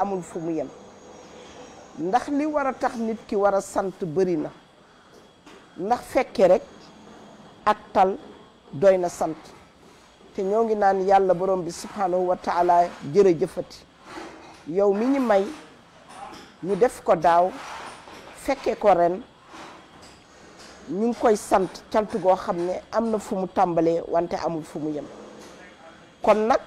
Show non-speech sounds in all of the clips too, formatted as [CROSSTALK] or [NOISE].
amul fu mu yem ndax li war a tax nit ki war a sant bari na ndax fekke rek ak tal doy na sant te ñoo ngi naan yàlla borom bi subhanahu wa taala jërëjëfati yow mi ñu may ñu def ko daaw fekke ko ren ñu ngi koy sant cant goo xam ne am na fu mu tàmbalee wante amul fu mu yem kon nag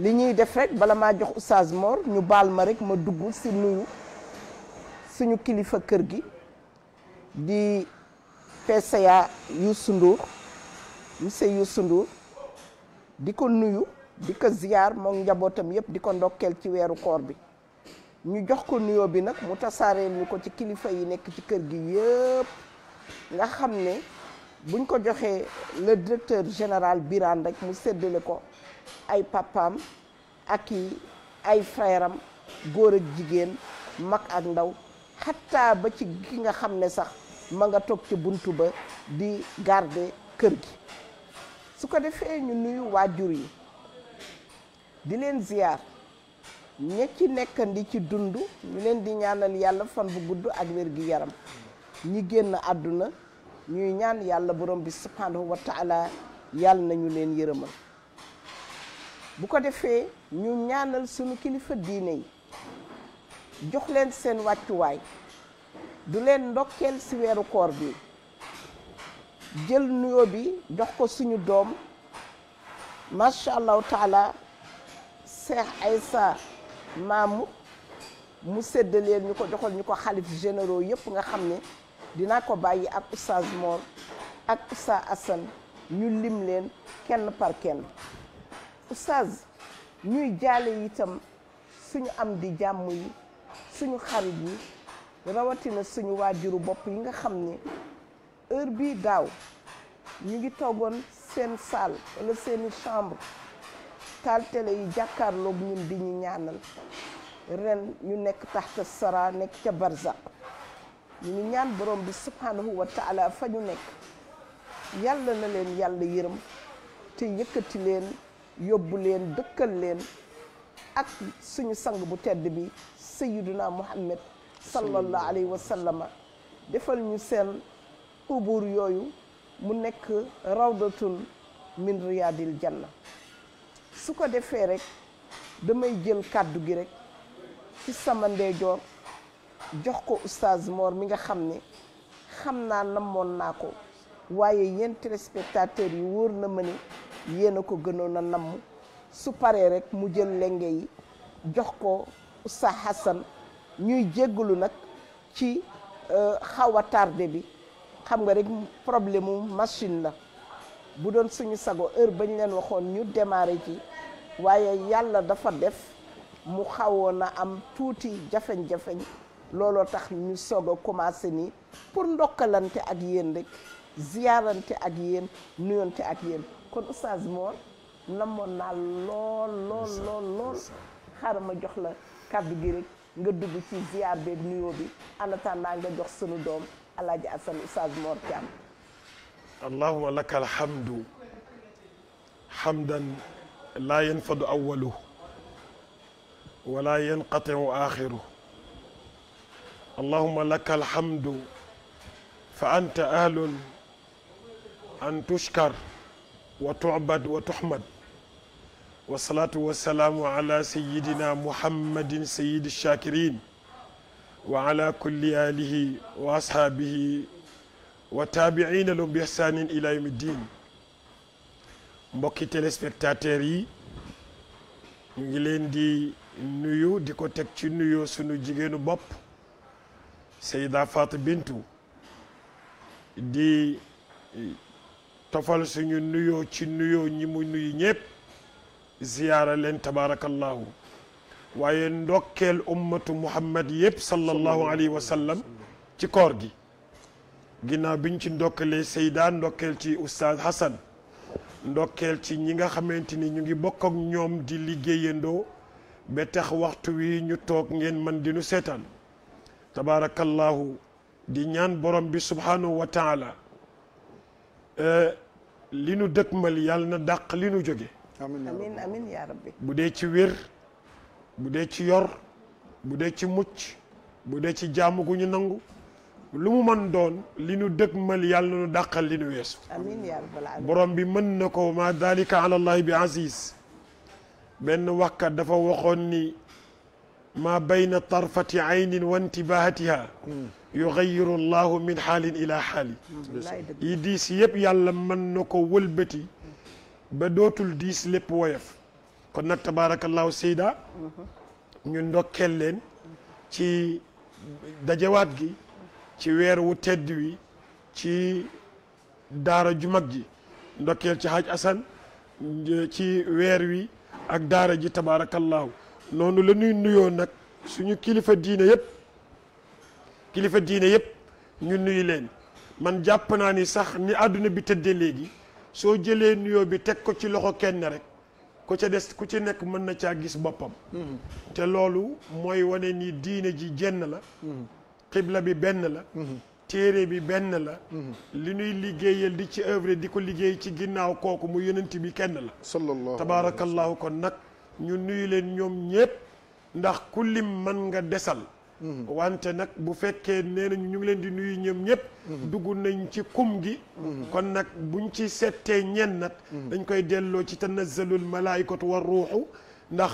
li ñuy def rek bala maa jox oustaz Mor ñu baal ma rek ma dugg si nuyu suñu kilifa kër gi di PCA Youssou Ndour monsieur Youssou Ndour di ko nuyu di ko ziyaar moom njabootam yépp di ko ndokkeel ci weeru koor bi ñu jox ko nuyoo bi nag mu tasaareel ñu ko ci kilifa yi nekk ci kër gi yépp nga xam ne buñ ko joxee le directeur général Birane rek mu séddale ko ay pàppam ak i ay frèram góor a jigéen mag ak ndaw xattaa ba ci ki nga xam ne sax ma nga toog ci buntu ba di garder kër gi su ko defee ñu nuyu waajur yi di leen ziyaar ña ci nekkandi ci dund ñu leen di ñaanal yàlla fan bu gudd ak wér yaram ñi génn àdduna ñuy ñaan yàlla borom bi subhanahu wa taala yàlla nañu leen yërëmal bu ko defee ñu ñaanal suñu kilifa diine yi jox leen seen wàccuwaay du leen ndokkeel si weeru koor bi jël nuyoo bi jox ko suñu doom macha allahu taala ay sa Maamu mu sedd leen ñu ko joxal ñu ko xalif généraux yépp nga xam ne dinaa ko bàyyi ak Oustaz Mor ak Oustaz Assane ñu lim leen kenn par kenn oustaz ñuy jaale itam suñu am di jàmm yi suñu xarit yi rawatina suñu waajuru bopp yi nga xam ni heure bi daaw ñi ngi toogoon seen salle wala seeni chambre taal télé yi jàkkaarloog ñun di ñu ñaanal ren ñu nekk taxta sara nekk ca barzak ñu ñaan borom bi subhanahu wa taala fa ñu nekk yàlla na leen yàlla yërëm te yëkkati leen yóbbu leen dëkkal leen ak suñu sang bu tedd bi sayiduna muhammad sallallahu alayhi wa sallama defal ñu seen xubuur yooyu mu nekk rawdatun min riyadil janna su ko defee rekk damay jël kàddu gi rekk ci sama ndeejoor jox ko oustaz Mor mi nga xam ni xam naa namoon naa ko waaye yéen téléspectateurs yi wóor na ma ni yéen a ko gënoon a namm su paree rek mu jël lenge yi jox ko Oustaz Hassan ñuy jéggalu nag ci euh, xaw a tardé bi xam nga rek problème mu machine la bu doon suñu sago heure bañ leen waxoon ñu demare ci waaye yàlla dafa def mu xawoon a am tuuti jafeñ-jafeñ looloo tax ñu soog a commencé nii pour ndokkalante ak yéen rekk ziyaarante ak yéen nuyonte ak yéen kon oustaz Mor namoon naa lool lool lool lool xaaral ma jox la kàddu gi rek nga dugg ci ziar beeg nuyoo bi en attendant nga jox sunu doom alaaji asan oustaz Mor Thiam allahuma laka alhamdu hamdan laa yanfadu awaluhu wala yanqatiu axiruhu allahuma laka alhamdu fa anta ahlun an tushkar wa tu'bad wa tuhmad wa salaatu wa salaamu ala sayyidina muhammadin sayyidi shakirin wa ala kulli alihi wa ashaabihi wa taabiina lahum bi ihsaanin ila yawmi diin mbokki téléspectateurs yi ñu ngi leen di nuyu di ko teg ci nuyoo sunu jigéenu bopp Seyda Fatou Bintou di tofal suñu nuyoo ci nuyoo ñi mu nuyu ñëpp ziyaara leen tabaarakallahu waaye ndokkeel ummatu muhammad yëpp sallallahu alayhi wa ci koor gi ginnaaw biñ ci ndokkelee Seyda ndokkeel ci oustaz Hassan ndokkeel ci ñi nga xamante ni ñu ngi bokk ak ñoom di liggéeyandoo ba tax waxtu wi ñu toog ngeen man dinu nu seetaan tabaarakallahu di ñaan borom bi subhanahu wa Eh, li nu dëkkmal yàlla na dàq li nu jóge amiin bu dee ci wér bu dee ci yor bu dee ci mucc bu dee ci jaamu gu ñu nangu lu mu mën doon li nu dëkkmal yàlla na nu dàqal li nu weesu borom bi mën na ko ma dalika ala bi aziz benn waxkat dafa waxoon ni ma bayna tarfati aynin wa intibaahatiha hmm. yuxayiru llahu min xaalin ila xaali yi diis yëpp yàlla mën na ko wëlbati ba dootul diis lépp woyof kon nag tabaarakallaahu sayda ñu ndokkeel leen ci dajawaat gi ci weer wu tedd wi ci daara ju mag ji ndokkeel ci haj asan ci weer wi ak daara ji tabaarakallaahu noonu la ñuy nuyoo nag suñu kilifa diine yëpp kilifa diine yëpp ñu nuyu leen man jàpp naa ni sax ni àdduna bi tëddee léegi soo jëlee nuyoo bi teg ko ci loxo kenn rek ko ca des ku ci nekk mën na caa gis boppam mm-hmm. te loolu mooy wane ni diine ji jenn la mm-hmm. xibla bi benn la mm-hmm. téere bi benn la li ñuy liggéeyal di ci œuvre di ko liggéey ci ginnaaw kooku mu yonent bi kenn la sallallahu tabaarakallaahu kon nag ñu nuyu leen ñoom ñépp ndax ku lim mën nga desal wante nag bu fekkee nee nañu ñu ngi leen di nuyu ñëm ñëpp. dugg nañ ci kum gi. kon nag buñ ci settee ñenn nag. dañ koy delloo ci tanazzalul malaaykatu war ruuxu ndax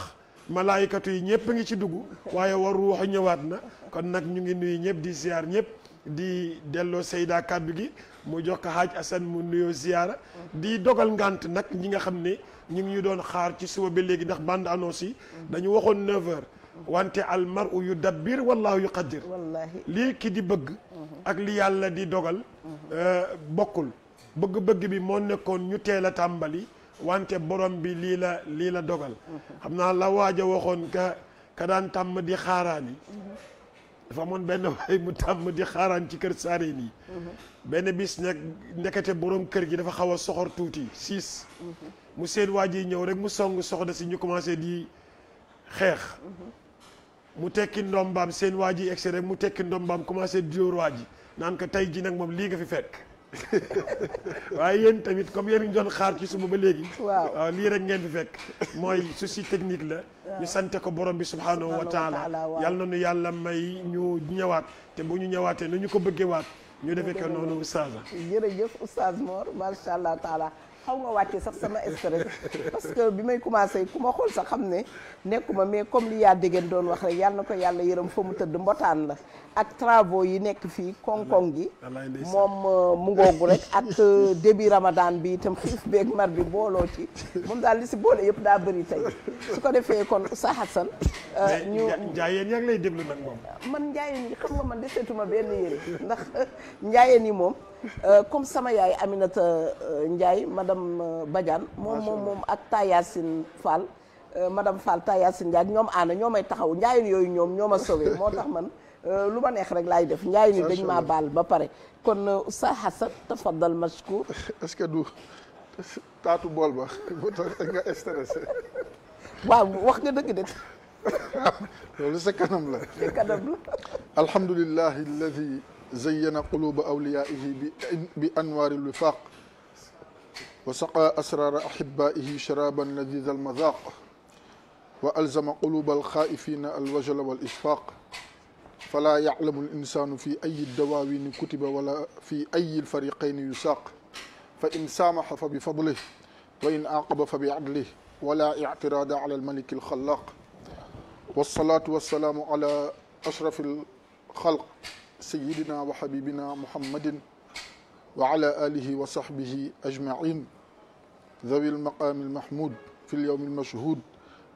malaaykatu yi ñëpp ngi ci dugg waaye war ruuxu ñëwaat na kon nag ñu ngi nuyu ñëpp di ziar ñëpp di delloo Seyda kàddu gi mu jox ko Haaj Asan mu nuyoo ziara. di dogal ngant nag ñi nga xam ne ñu ngi ñu doon xaar ci suba ba léegi ndax bande annonce yi. dañu waxoon 9h. wante al mar'u yu dabbir wallaahu yu qaddir lii ki di bëgg ak li yàlla di dogal euh, bokkul bëgg-bëgg bi moo nekkoon ñu teel a tàmbali wante borom bi lii la lii la dogal xam naa la waaj a waxoon ka ka daan tàmm di yi dafa amoon benn waay mu tàmm di xaaraan ci kër saareen yi benn bis nag ndekete borom kër gi dafa xaw a soxor tuuti siis mu seen waa ji ñëw rek mu song soxna si ñu commencé di xeex mu tekki ndombaam seen waa ji egsi rek mu tekki ndombaam commencé dior waa ji naan ko tey ji nag moom lii nga fi fekk [LAUGHS] waaye yéen tamit comme yéen ngi doon xaar ci suma ba léegi waaw lii rek ngeen fi fekk mooy si technique la ñu sante ko borom bi subhanahu wa taala yàlla na nu yàlla may ñu ñawaat te bu ñu ñëwaatee nu ñu ko bëggee waat ñu defee ko noonu oustaz jërëjëf oustaz Mor macha allah taala xaw nga wàcce sax sama stress parce que bi may commencé ku ma xool sax xam ne nekkuma mais comme li yaa déggeen doon wax rek yàlla na ko yàlla yërëm foo mu tëdd mbotaan la ak travaux yi nekk fii koŋ-koŋ gi moom euh, mu ngoogu rek ak euh, début ramadan bi itam xiif beeg mar bi booloo ci moom daal li si boole yëpp daa bëri tey su ko defee kon Oustaz Assane euh, ñu njaayeen yaa ngi lay déglu nag moom man njaayeen yi xam nga man deseetuma benn yére ndax njaayeen nii moom Euh, comme sama yaay Aminata euh, Ndiaye madame euh, Badiane moom moom moom ak Tayacine Fall madame Fall Tayacine Ndiaye ñoom ànd ñoo may taxaw njaayin yooyu ñoom ñoo ma sauvé moo tax man lu ma neex rek laay def njaayi ni dañ maa baal ba pare kon Oustaz Hassan tafaddal mashkour [LAUGHS] est que du taatu bool ba bu [LAUGHS] tax nga stressé [LAUGHS] waaw wax nga dëgg de loolu sa kanam zayyana quluba awliyaihi bi bi anwaari lwifaaq wa saqa asraara ahibbaihi sharaban ladiza almazaaq wa alzama quluba alxaaifina alwajala walishfaaq fala yaclamu linsanu fi ayi dawaawini kutiba wala fi ayi lfariqayni yusaaq fa in saamaxa fa bi fadlih wa in aaqaba fa bi adlih wala ictiraada ala almaliki alxalaaq wasalaatu wasalaamu ala ashraf alxalq sayyidina wa habibina muhammadin wa ala alihi wa sahbihi ajmain dhawi almaqami almahmud fi lyawm almashhud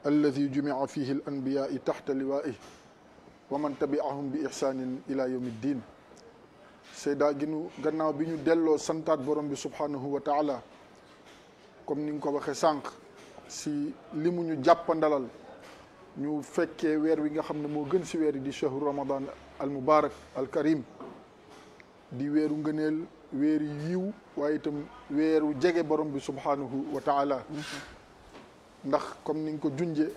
alladi jumica fihi alanbiyaai taxta liwaa'ih wa man tabi'ahum bi ihsanin ila yawmi ddin Seyda ginu gannaaw bi ñu delloo santaat borom bi subhanahu wa taala comme ni nga ko waxee sànq si li mu ñu jàppandalal ñu fekkee weer wi nga xam ne moo gën si weer yi di chahru ramadan al mubarak al karim di weeru ngëneel weeru yiw waaye itam weeru jege borom bi subhanahu wa taala ndax comme ni nga ko junje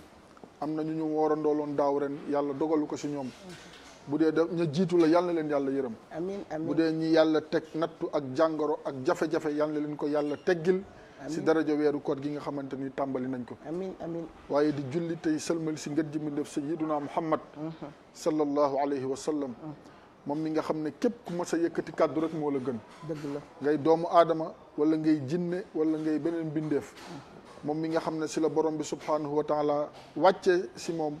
am na ñu ñu woorandooloon daaw ren yàlla dogalu ko si ñoom bu dee da ña jiitu la yàlla leen yàlla yërëm bu dee ñi yàlla teg nattu ak jàngoro ak jafe-jafe yàlla leen ko yàlla teggil si daraja weeru koor gi nga xamante ni tàmbali nañ ko waaye di julli tey sëlmal si ngën ji mi def sayyiduna muhammad mhm. sallallahu alayhi wa sallam mhm. moom mi nga xam ne képp ku mas a yëkkati kàddu rek moo la gën dëgg la ngay doomu aadama wala ngay jinne wala ngay beneen bindeef mhm. moom mi nga xam ne si la borom bi subhanahu wa taala wàcce si moom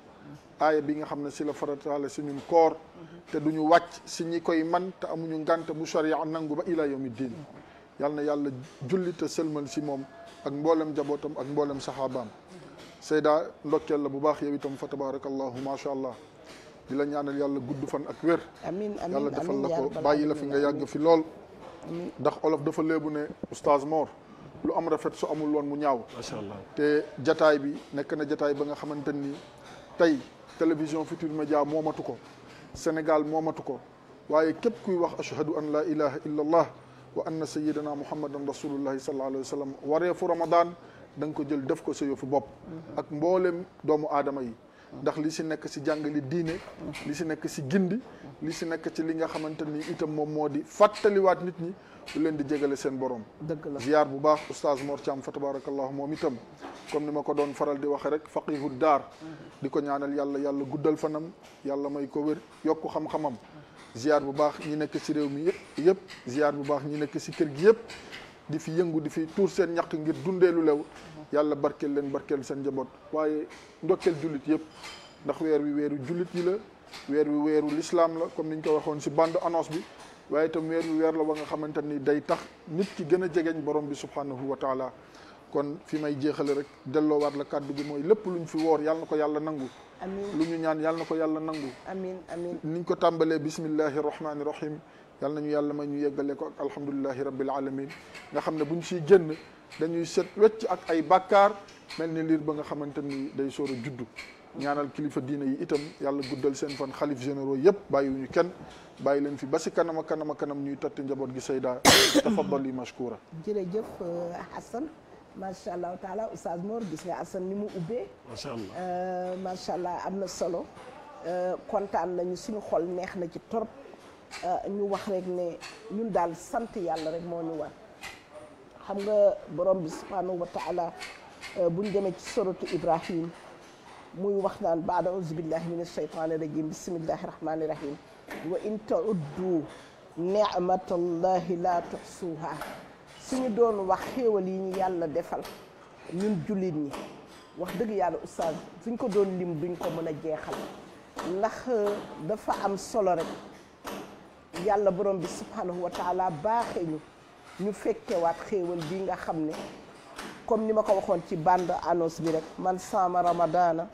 aaya bi nga xam ne si la farataale si ñun koor te ñu wàcc si ñi koy man te amuñu ngànt bu sharia nangu ba ila yawmi diin yal na yàlla julli te sëlmal si moom ak mboolem jabootam ak mboolem saxaabaam Seyda ndokkeel la bu baax yow itam fa tabarakallahu macha allah di la ñaanal yàlla gudd fan ak wér. amiin amiin yàlla defal la ko bàyyi la fi nga yàgg fi lool. ndax olof dafa léebu ne oustaz Mor. lu am rafet su amul loon mu ñaaw. macha allah te jataay bi nekk na jataay ba nga xamante ni tey télévision Futurs Médias moomatu ko. Sénégal moomatu ko waaye képp kuy wax ashhadu an la ilaha illallah. wa anna sayyidina muhammadan rasulullahi sallallahu alayhi wa sallam wareefu ramadan da nga ko jël def ko sa yëfu bopp ak mboolem doomu aadama yi ndax li si nekk si jàngale diine li si nekk si gindi li si nekk ci li nga xamante ni itam moom moo di fàttaliwaat nit ñi lu leen di jégale seen borom dëgg la ziar bu baax oustaz Mor Thiam fa tabarakallahu moom itam comme ni ma ko doon faral di waxe rek faqihu daar di ko ñaanal yàlla yàlla guddal fanam yàlla may ko wér yokku xam-xamam ziar bu baax ñi nekk si réew mi yëpp yëpp ziar bu baax ñi nekk si kër gi yëpp di fi yëngu di fi tuur seen ñaq ngir dundeelu lew yàlla barkeel leen barkeel seen njaboot waaye ndokkeel jullit yëpp ndax weer wi weeru jullit yi la weer wi weeru lislaam la comme ni ñu ko waxoon ci bande annonce bi waaye itam weer wi weer la wa nga xamante ni day tax nit ki gën a jegeñ borom bi subhanahu wa taala kon fi may jeexale rek delloowaat la kàddu gi mooy lépp lu ñu fi woor yàlla na ko yàlla nangu amiin lu ñu ñaan yàlla na ko yàlla nangu amiin amiin ko tàmbalee bismillahi rahmaani rahim yàlla nañu yàlla may ñu yeggale ko ak alhamdulillahi rabbil alamin nga xam ne buñ siy génn dañuy set wecc ak ay bàkkaar mel ni liir ba nga xamante ni day soor a juddu ñaanal kilifa diine yi itam yàlla guddal seen fan xalif généraux yëpp bàyyiwuñu kenn bàyyi leen fi ba si kanam a kanam a kanam ñuy tatti njaboot gi sayda [COUGHS] tafaddali mashkura jërëjëf Hassan macha allah taala oustaz Mor gis nga Assane ni mu ubbee. macha allah euh, macha allah am na solo euh, kontaan nañu suñu xol neex na ci torop euh, ñu wax rek ne ñun daal sant yàlla rek moo ñu war xam nga borom bi subhanahu wa taala buñ demee ci sorotu Ibrahim muy wax naan baada auzubillahi min ashaytani rajim bismillahi rahmani rahim wa in tauddu nicmatallahi la tuxsuha suñu doon wax xéewal yi ñu yàlla defal ñun jullit ñi wax dëgg yàlla oustaz suñ ko doon lim duñ ko mën a jeexal ndax euh, dafa am solo rek yàlla borom bi subhanahu wa taala baaxee ñu ñu fekkewaat xéewal bi nga xam ne comme ni ma ko waxoon ci bande annonce bi rekk man saama ramadana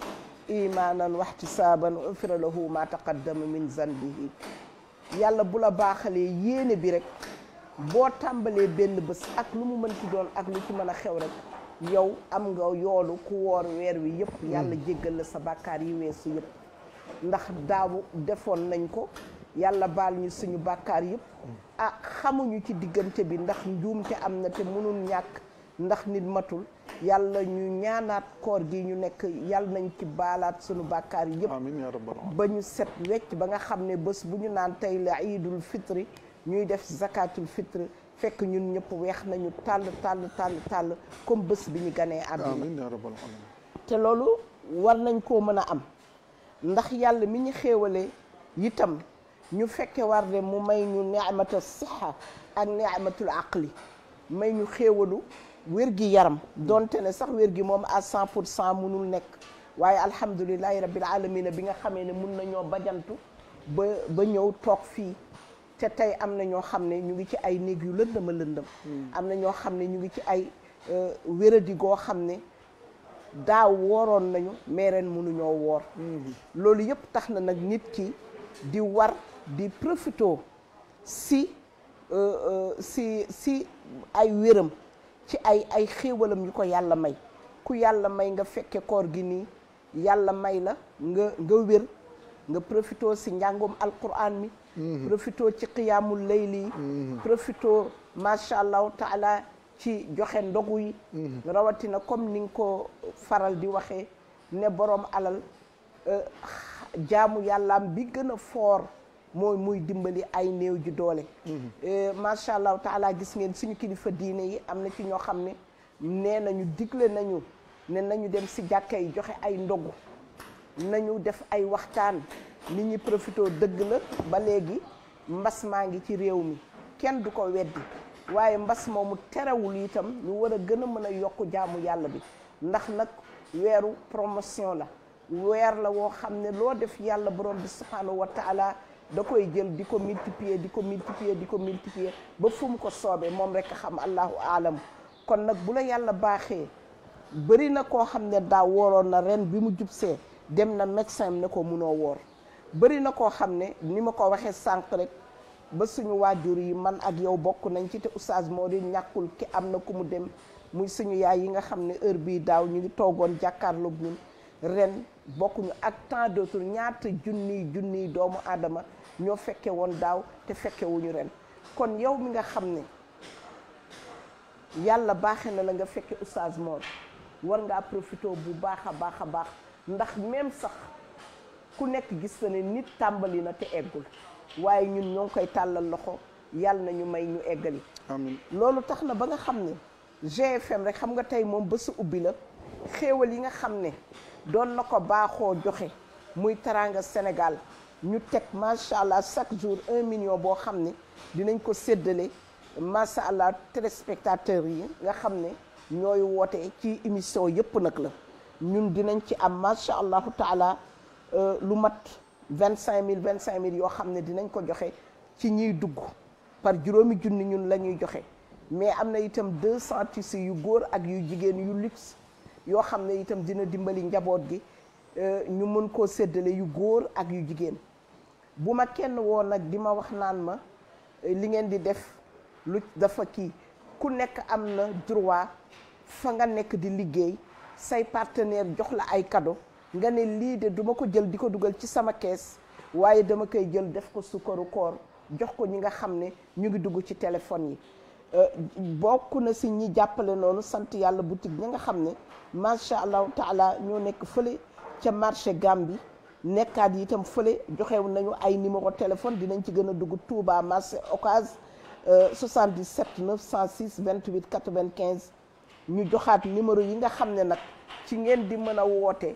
imaanan wahtisaaban ufira lahu ma taqaddama min zanbihi yàlla bu la baaxalee yéene bi rek boo tàmbalee benn bés ak lu mu mënti doon ak lu ci mën a xew rek yow am nga yoolu ku woor weer wi yëpp mm. yàlla jéggal la sa bàkkaar yi weesu yëpp ndax daawu defoon nañ ko yàlla baal ñu suñu bàkkaar yëpp mm. ah xamuñu ci diggante bi ndax njuumte am na te mënul ñàkk ndax nit matul yàlla ñu ñaanaat koor gi ñu nekk yàlla nañ ci baalaat suñu bàkkaar yëpp ba ñu set wecc ba nga xam ne bés bu ñu naan tey la iidul fitri ñuy def zakatul fitre fekk ñun ñëpp weex nañu tàll tàll tàll tàll comme bés bi ñu ganee àdduna te loolu war nañ koo mën a am ndax yàlla mi ñu xéewalee itam ñu fekkee war de mu may ñu ni'matul siha ak ni'matul li may ñu xéewalu wér gi yaram donte ne sax wér gi moom à cent pour cent munul nekk waaye alhamdulilahi rabbil alamina bi nga xamee ne mun nañoo bajantu ba ba ñëw toog fii te tey am na ñoo xam ne ñu ngi ci ay néeg yu lëndëma lëndëm hmm. am na ñoo xam ne ñu ngi ci ay euh, wéradi goo xam ne daaw wooroon nañu mais ren mënuñoo woor hmm. loolu yëpp tax na nag nit ki di war di profito si euh, euh, si si ay wéram ci ay ay xéewalam yu ko yàlla may ku yàlla may nga fekke koor gi nii yàlla may la nga nga wér nga profito si njàngum alquran mi Mm-hmm. profito ci qiyaamul layli mm-hmm. profito macha allahu taala ci joxe ndogu yi mm-hmm. rawatina comme ni nga ko faral di waxee ne borom alal euh, jaamu yàllaam bi gën a foor mooy muy dimbali ay néew ji doole euh, macha allahu taala gis ngeen suñu kilifa diine yi am na ci ñoo xam ne nee nañu digle nañu ne nañu dem si jàkka yi joxe ay ndogu nañu def ay waxtaan nit ñi profité dëgg la ba léegi mbas maa ngi ci réew mi kenn du ko weddi waaye mbas moomu terewul itam ñu war a gën a mën a yokk jaamu yàlla bi ndax nag weeru promotion la weer la woo xam ne loo def yàlla borom bi subhaanahu wa da koy jël di ko multiplier di ko multiplier di ko multiplier ba fu mu ko soobee moom rek xam allahu alam kon nag bu la yàlla baaxee bëri na koo xam ne daa wooroon na ren bi mu jubsee dem na médecin ne ko munoo woor bëri na koo xam ne ni ma ko waxee sànq rek ba suñu waajur yi man ak yow bokk nañ ci te oustaz moo di ñàkkul ki am na ku mu dem muy suñu yaay yi nga xam ne heure bii daaw ñu ngi toogoon jàkkaarloog ñun ren bokkuñu ak tant d'autres ñaata junni junniy doomu aadama ñoo fekkee woon daaw te fekke wuñu ren kon yow mi nga xam ne yàlla baaxe na la nga fekke oustaz Mor war ngaa profité bu baax a baax a baax ndax même sax ku nekk gis na ne nit tàmbali na te eggul waaye ñun ñoo koy tàllal loxo yàlla na ñu may ñu eggali. loolu tax na ba nga xam ne GFM rek xam nga tey moom bésu ubbi la xéewal yi nga xam ne doon na ko baaxoo joxe muy teraanga Sénégal ñu teg macha allah chaque jour un million boo xam ne dinañ ko séddale macha allah téléspectateurs yi nga xam ne ñooy woote ci émission yëpp nag la ñun dinañ ci am macha allahu taala. Euh, lu mat vingt cinq mille vingt cinq mille yoo xam ne dinañ ko joxe ci ñiy dugg par juróomi junni ñun la ñuy joxe mais am na itam deux cent tissus yu góor ak yu jigéen yu luxe yoo xam ne itam dina dimbali njaboot gi euh, ñu mun koo séddale yu góor ak yu jigéen bu ma kenn woon nag di ma wax naan ma euh, li ngeen di def lu dafa kii ku nekk am na droit fa nga nekk di liggéey say partenaire jox la ay cadeau nga ne lii de duma ko jël di ko dugal ci sama kees waaye dama koy jël def ko sukkaru koor jox ko ñi nga xam ne ñu ngi dugg ci téléphone yi euh, bokk na si ñi jàppale noonu sant yàlla boutique ñi nga xam ne macha allahu taala ñoo nekk fële ca marché Gambie nekkaat yi itam fële joxew nañu ay numéro téléphone dinañ ci gën a dugg Touba marché Ocass 77 906 28 95 ñu joxaat numéro yi nga xam ne nag ci ngeen di mën a woote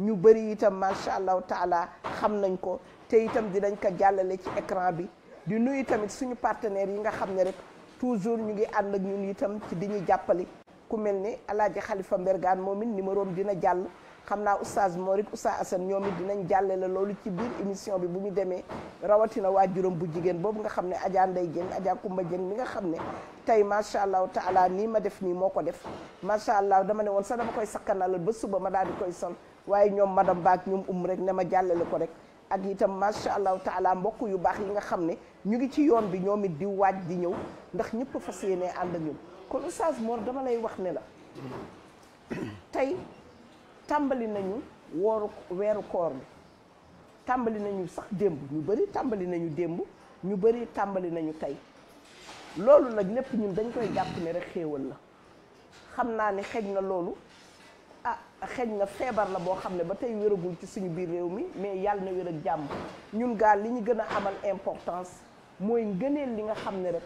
ñu bëri itam macha allahu taala xam nañ ko te itam dinañ ko jàllale ci écran bi di nuyu tamit suñu partenaires yi nga xam ne rek toujours ñu ngi ànd ak ñun itam ci di ñu jàppale ku mel ni alaaji xalifa mbergaan moom it numéro dina jàll xam naa oustaz Morik oustaz Assane ñoom dinañ jàllale loolu ci biir émission bi bu ñu demee rawatina juróom bu jigéen boobu nga xam ne Adja Ndeye Dieng Adja Kumba Dieng mi nga xam ne tey macha allah taala nii ma def nii moo ko def macha allah dama ne woon sax dama koy sakkanalal ba suba ma daal di koy sol waaye ñoom madame baak ñoom um rek ne ma jàllale ko rek ak itam macha allah taala mbokk yu baax yi nga xam ne ñu ngi ci yoon bi ñoom it di waaj di ñëw ndax ñëpp fas yéene ànd ak ñun kon oustaz Mor dama lay wax ne la [COUGHS] tey tàmbali nañu wooru weeru koor bi tàmbali nañu sax démb ñu bëri tàmbali nañu démb ñu bëri tàmbali nañu tey loolu nag lépp ñun dañ koy jàpp ne rek xéewal la xam naa ni xeej na loolu ah xeej na feebar la boo xam ne ba tey wéragul ci suñu biir réew mi mais yàlla na wér jàmm ñun gaal li ñu gën a amal importance mooy ngëneel li nga xam ne rek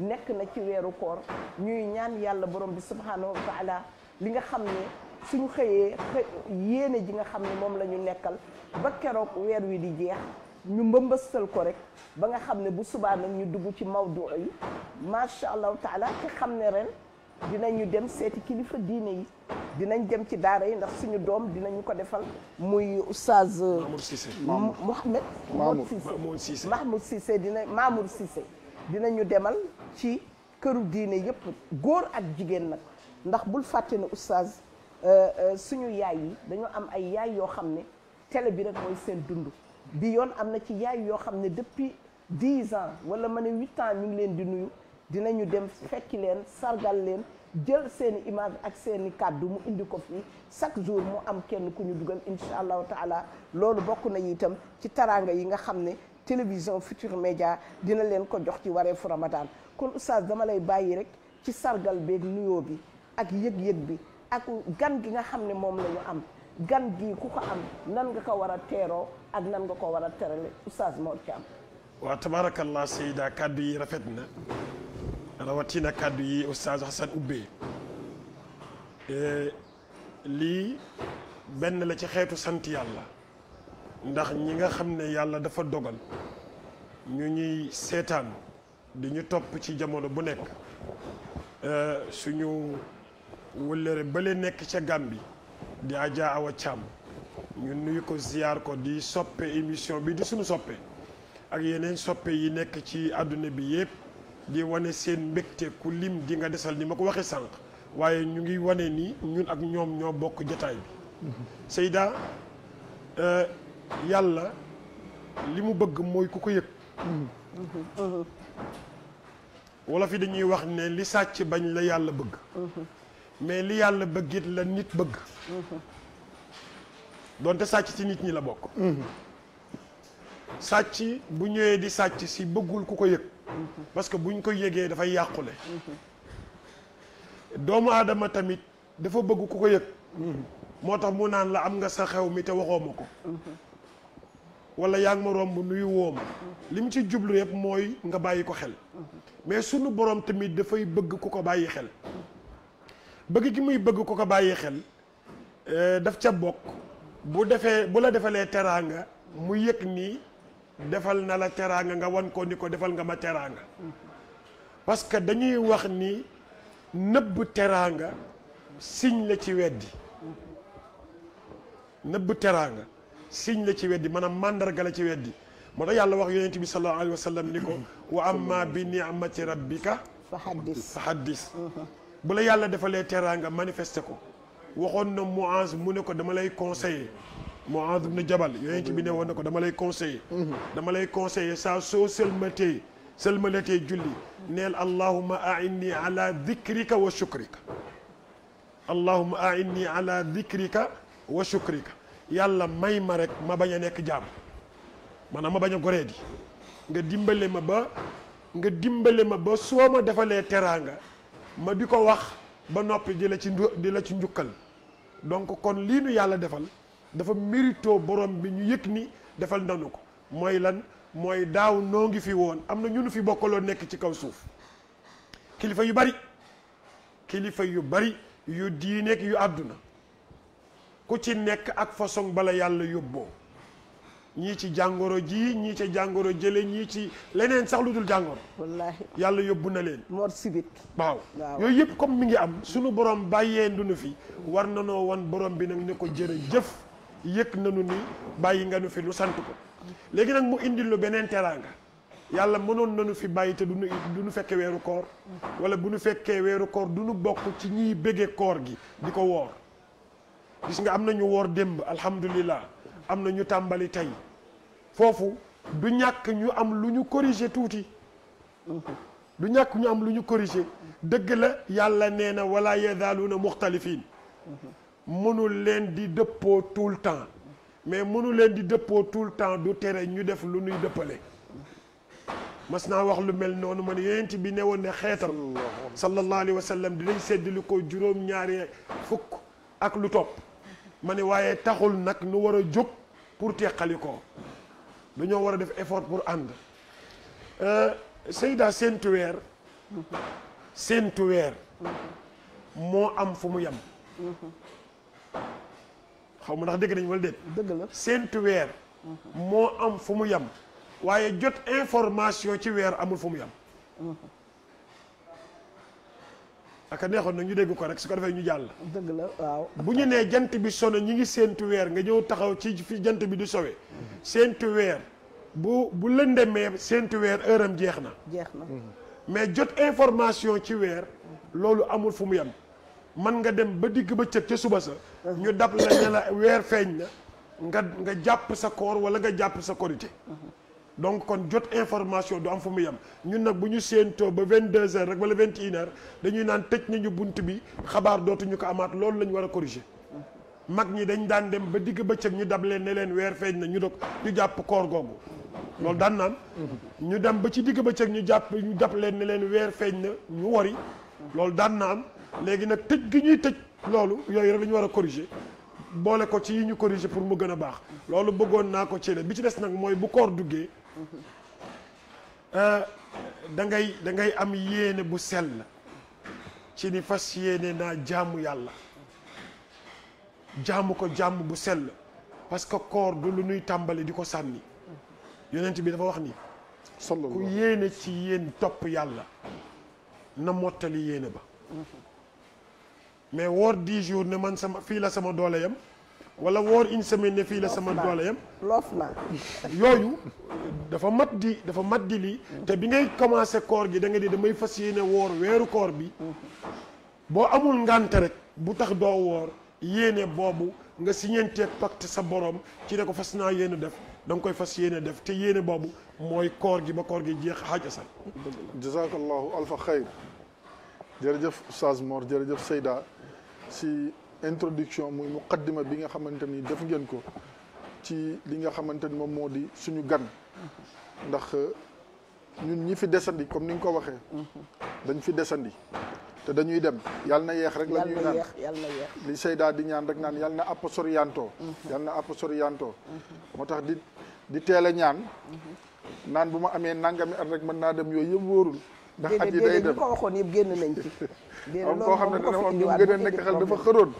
nekk na ci weeru koor ñuy ñaan yàlla borom bi subhaanahu wa taala li nga xam ne suñu xëyee yéene ji nga xam ne moom la ñu nekkal ba keroog weer wi di jeex ñu mbëmbësal ko rek ba nga xam ne bu subaa nag ñu dugg ci mawdu yi macha allahu taala te xam ne ren dina ñu dem seeti kilifa diine yi dinañ dem ci daara yi ndax suñu doom dinañu ko defal muy oustaz Mohamed euh, Mahmoud Cissé Mahmoud Cissé dina Mahmoud Cissé dinañu demal ci këru diine yëpp góor ak jigéen nag ndax bul fàtte ne oustaz euh, euh, suñu yaay yi dañoo am ay yaay yoo xam ne tele bi rek mooy seen dund bi yoon am na ci yaay yoo xam ne depuis dix ans wala ma ne huit ans ñu ngi leen di nuyu dinañu dem fekki leen sargal leen jël seeni image ak seeni kàddu mu indi ko fi chaque jour mu am kenn ku ñu dugal incha allahu taala loolu bokk na itam ci taraanga yi nga xam ne télévision Futur Média dina leen ko jox ci wareefu Ramadan kon oustaz dama lay bàyyi rek ci sargal beeg nuyoo bi ak yëg-yëg bi ak gan gi nga xam ne moom lañu am gan gi ku ko am nan nga ko war a teeroo ak nan nga ko war a terale oustaz Mor Thiam waaw tabaarakallah Seyda kàddu yi rafet na rawatina kàddu yi oustaz Hassan ubbee eh, lii benn la ci xeetu sant yàlla ndax ñi nga xam ne yàlla dafa dogal ñu ñuy seetaan di ñu topp ci jamono bu nekk eh, suñu wëllëre bële nekk ca Gàmbi di Adja Awa Thiam ñu nuyu ko ziyaar ko di soppee émission bi di suñu soppee ak yeneen soppe yi nekk ci àdduna bi yëpp di wane seen mbégte ku lim di nga desal ni ma ko waxee sànq waaye ñu ngi wane ni ñun ak ñoom ñoo bokk jataay bi Seyda euh, yàlla li mu bëgg mooy ku ko yëg wala fi dañuy wax ne li sàcc bañ la yàlla bëgg mm-hmm. mais li yàlla bëggit la nit bëgg mm-hmm. donte sàcc ci nit ñi la bokk. sàcc bu ñëwee di sàcc si bëggul ku ko yëg. parce que buñ ko yëgee dafay yàqule. doomu aadama tamit dafa bëgg ku ko yëg. moo tax mu naan la am nga sa xew mi te waxoo ma ko. wala yaa ngi ma romb nuyu woo ma. li mu ci jublu yëpp mooy nga bàyyi ko xel. mais sunu borom tamit dafay bëgg ku ko bàyyi xel. bëgg gi muy bëgg ku ko bàyyi xel eh, daf ca bokk. bu defee bu la defalee teraanga mu yëg nii defal na la teraanga nga wan ko ni ko defal nga ma teraanga parce que dañuy wax ni nëbb teraanga siñ la ci weddi nëbb teraanga siñ la ci weddi maanaam màndarga la ci weddi moo tax yàlla wax yonent bi sallallahu alayhi wa sallam ni ko wa amma bi ni'mati rabbika fa haddis bu la yàlla defalee teraanga manifesté ko waxoon na Muaz mu ne ko dama lay conseiller Muaz ibn Jabal yonent bi ne ko dama lay conseiller dama lay conseiller saa soo sëlmatee sëlmalatee julli neel allahuma ainni ala dikrika wa shukrika allahuma yàlla may ma ma bañ a nekk jaam maanaam ma bañ a goree di nga dimbale ma ba nga dimbale ma ba soo ma defalee teraanga ma di ko wax ba noppi di ci di la ci njukkal donc kon lii nu yàlla defal dafa mérito borom bi ñu yëg ni defal nanu ko mooy lan mooy daaw noo ngi fi woon am na ñu nu fi bokkaloo nekk ci kaw suuf kilifa yu bari kilifa yu bari yu diineek yu àdduna ku ci nekk ak façon bala yàlla yóbboo ñii ci jàngoro ji ñii ci jàngoro jële ñii ci leneen sax lu dul jàngoro. yàlla yóbbu na leen. mort subite. waaw yooyu yëpp comme mi ngi am sunu borom bàyyee ndu nu fi. war na noo wan boroom bi nag ni ko jërëjëf yëg nanu ni bàyyi nga nu fi lu sant ko. léegi nag mu indil lu beneen teraanga yàlla mënoon nañu fi bàyyi te du nu du nu fekkee weeru koor. wala bu nu fekkee weeru koor du nu bokk ci ñiy béggee koor gi di ko woor. gis nga am na ñu woor démb alhamdulilah am na ñu tàmbali tey. foofu du ñàkk ñu am lu ñu corriger tuuti du ñàkk ñu am lu ñu corriger dëgg la yàlla nee na wala yazaaluuna muxtalifin mënul leen di dëppoo tout le temps mais mënul leen di dëppoo tout le temps du tere ñu def lu nuy dëppale mas naa wax lu mel noonu ma man yonent bi ne woon ne xeetam sallallahu alayhi wa sallam dinañ séddali ko juróom ñaari fukk ak lu topp ma ne waaye taxul nag nu war a jóg pour teqali ko dañoo war a def effort pour ànd euh, Seyda séentu weer séentu weer moo am fu mu yem xaw ma ndax dégg nañ wala déet dëgg la séentu weer moo am fu mu yem waaye jot information ci weer amul fu mu yem mhm. aka neexoon nag ñu dégg ko rek su ko defee ñu jàll. dëgg la waaw. bu ñu nee jant bi sono ñi ngi séentu weer nga ñëw taxaw ci fi jant bi di sowe. séentu weer bu bu lëndemee séentu weer heure jeex na. jeex na mais jot information ci weer loolu amul fu mu yem man nga dem ba digg ba cëg ca suba sa. ñu dab la ne weer feeñ na nga nga jàpp sa koor wala nga jàpp sa korité donc kon jot information du am fu mu yem ñun nag bu ñu séentoo ba 22h rek wala 21h dañuy naan tëj nañu bunt bi xabaar dootuñu ko amaat loolu la ñu war a corriger. mag ñi dañ daan dem ba digg bëccëg ñu dab leen ne leen weer feeñ na ñu dog ñu jàpp koor googu. loolu daan naan. ñu dem ba ci digg bëccëg ñu jàpp ñu dab leen ne leen weer feeñ na ñu wari. loolu daan naan léegi nag tëj gi ñuy tëj loolu yooyu rek la ñu war a corriger. boole ko ci yi ñu corriger pour mu gën a baax. loolu bëggoon naa ko ci ne bi ci des nag mooy bu koor duggee. Euh, da dangay am yéene bu sell ci ni fas yéene naa jàmm yàlla jàmm ko jàmm bu sell parce que koor du lu nuy tàmbali di ko sànni yonent bi dafa wax ni ku yéene ci yéen topp yàlla na mottali yéene ba mm-hmm. mais woor di jours ne man sama fii la sama doole yam wala woor une semaine ne fii la sama doole yam loof na yooyu dafa mat di dafa mat di li te bi ngay commencé koor gi da nga di damay fas yéene woor weeru koor bi boo amul ngànte rek bu tax doo woor yéene boobu nga si siñenteeg pacte sa borom ci ne ko fas naa yéene def da nga koy fas yéene def te yéene boobu mooy koor gi ba koor gi jeex xaaj asal jazakallahu alfa xayr jërëjëf Oustaz Mor jërëjëf Seyda si introduction muy muqaddima bi nga xamante ni def ngeen ko ci li nga xamante ni moom moo di suñu gan ndax ñun ñi fi desandi comme ni nga ko waxee dañ fi desandi te dañuy dem yàlla na yeex rek la ñuy naan yàlla na yeex li Seyda di ñaan rek naan yàlla na àpp soriyanto mhm. yàlla na àpp soriyanto mhm. moo tax di di teel a ñaan mhm. naan bu ma amee nangami at rek mën naa dem yooyu yëpp wóorul ndax at yi day dem ko waxoon yëpp génn nañ ci am [LAUGHS] koo xam ne dana a dafa xëroon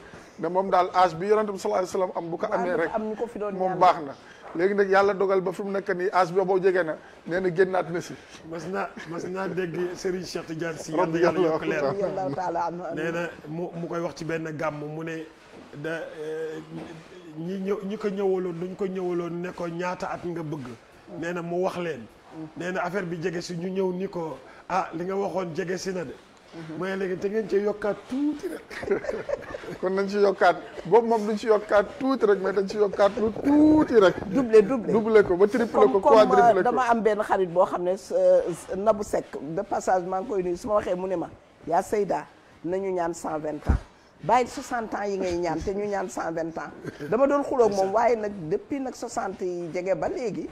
moom daal âge bi yonente bi sallallahu alayhi am bu ko amee rek am ñu ko fi doon moom na léegi nag yàlla dogal ba fi mu nekk nii âge bi boo jege na nee na génnaat na si mas naa mas naa dégg Serigne Cheikh Tidiane Sy yàlla yàlla yokk leer nee na mu mu koy wax ci benn gàmm mu ne da eh, ñi ñëw ñi ko ñëwaloon duñ ko ñëwaloon ne ko ñaata at nga bëgg mm. nee na mu wax leen mm. nee na affaire bi jege si ñu ñëw ni ko ah li nga waxoon jege si na de. mooy léegi te nga cee yokkaat tuuti rek. [LAUGHS] kon nañ ci yokkaat boobu moom duñ ci yokkaat tuuti rek mais dañ ci yokkaat lu tuuti rek. doublé doublé doublé ko ba triplé ko quadruplé euh, ko dama am benn xarit boo xam ne euh, Nabou Seck de passage koy nuyu su ma waxee mu ne ma yaa Seyda nañu ñaan cent vingt ans. bàyyi 60 ans yi ngay ñaan te ñu ñaan vingt ans dama doon xuloog moom waaye nag depuis nag 60 yi jege ba léegi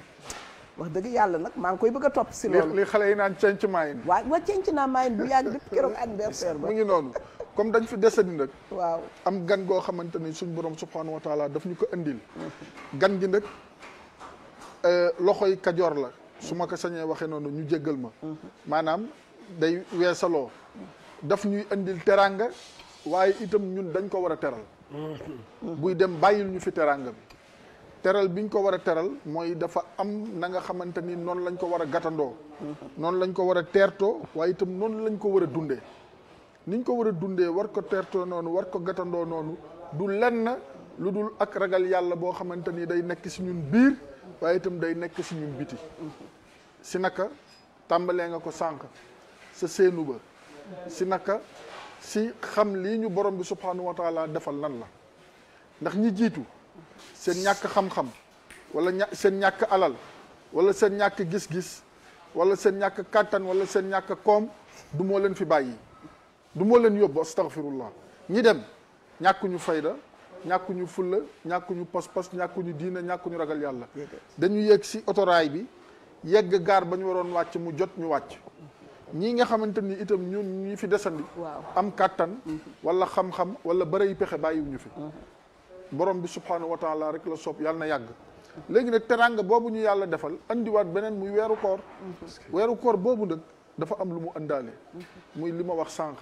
wax dëgg yàlla nag maa ngi koy bëgg a topp si loolu li xale yi naan cenc maayin waaw waa cenc naa maayin bu yàgg depuis keroog [LAUGHS] anniversaire ba mu ngi noonu comme dañ fi desandi nag waaw am gan goo xamante ni suñ borom subhanahu wa taala daf ñu ko indil [LAUGHS] gan gi euh, loxo yi kajoor la su ma ko sañee waxee noonu ñu jéggal ma mm-hmm. maanaam day weesaloo daf ñuy indil teranga waaye itam ñun dañ ko war a teral mm-hmm. buy dem bàyyil ñu fi teranga bi teral bi ñu ko war a teral mooy dafa am na nga xamante ni noonu lañ ko war a gàttandoo noonu lañ ko war a teertoo waaye itam noonu lañ ko war a dundee niñ ko war a dundee war ko teertoo noonu war ko gàttandoo noonu du lenn lu dul ak ragal yàlla boo xamante ni day nekk si ñun biir waaye itam day nekk si ñun biti si naka tàmbalee nga ko sànq sa seenu ba si naka si xam lii ñu borom bi subhanahu wa defal lan la ndax ñi jiitu seen ñàkk xam-xam wala ña seen ñàkk alal wala seen ñàkk gis-gis wala seen ñàkk kàttan wala seen ñàkk koom du moo leen fi bàyyi dumoo moo leen yóbbu astaghfirullah ñi dem ñàkkuñu fayda ñàkkuñu fulla ñàkkuñu pas-pas ñàkkuñu diina ñàkkuñu ragal yàlla dañu yéeg si otoraay bi yegg gaar ba ñu waroon wàcc mu jot ñu wàcc ñii nga xamante ni itam ñun ñi fi desandi am kàttan mm-hmm. wala xam-xam wala bëri pexe bàyyiwuñu fi mm-hmm. borom bi subhanahu wa rek la soob yàlla na yàgg léegi nag teranga boobu ñu yàlla defal andiwaat beneen muy weeru koor weeru koor boobu nag dafa am lu mu àndaale muy li ma wax sànq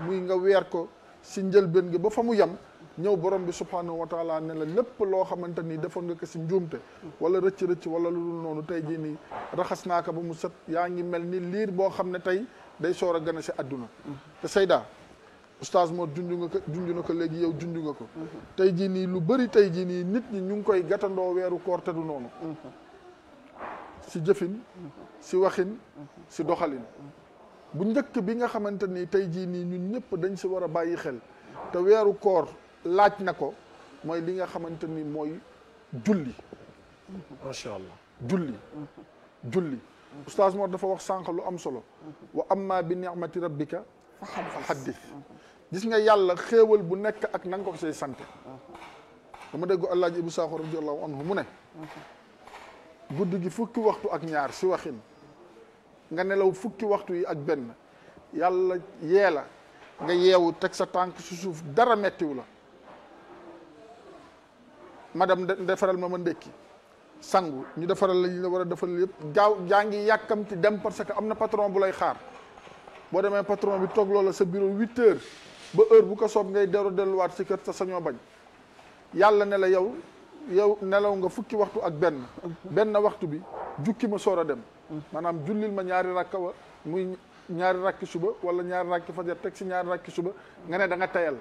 muy nga weer ko si njëlbéen gi ba fa mu yem ñëw borom bi subhanahu wa taala ne la lépp loo xamante ni defoon nga ko si njuumte wala rëcc-rëcc wala lu noonu tey jii nii raxas naa ko ba mu set yaa ngi mel ni liir boo xam ne tey day soor a gën a si àdduna te saydaa oustaz moo junj nga ko junj na ko léegi yow junj nga ko tey jii nii lu bari tey jii nii nit ñi ñu ngi koy gàttandoo weeru koor te du noonu si jëfin si waxin si doxalin bu njëkk bi nga xamante ni tey jii nii ñun ñëpp dañ si war a bàyyi xel te weeru koor laaj na ko mooy li nga xamante ni mooy julli macha allah julli julli oustaz Mor dafa wax sànq lu am solo wa amma bi ni'mati rabbika fa haddith gis nga yàlla xéewal bu nekk ak na nga ko say sant dama dégg Alaaji Ibu Saaxo radiyallahu anhu mu ne guddi gi fukki waxtu ak ñaar si waxin nga nelaw fukki waxtu yi ak benn yàlla yee la nga yeewu teg sa tànk si suuf dara mettiwu la ma madame defaral ma ma ndékki sangu ñu defaral la ñu la war a defaral yëpp gaaw jaa ngi yàkkamti dem parce que am na patron bu lay xaar boo demee patron bi toog loola sa bureau huit heures ba heure bu ko soob ngay dero delluwaat si kër sa sañoo bañ yàlla ne la yow yow nelaw nga fukki waxtu ak benn benn waxtu bi jukki ma soor a dem maanaam jullil ma ñaari rakka wa muy ñaari rakki suba wala ñaari rakki fajar teg si ñaari rakki suba nga ne danga teyal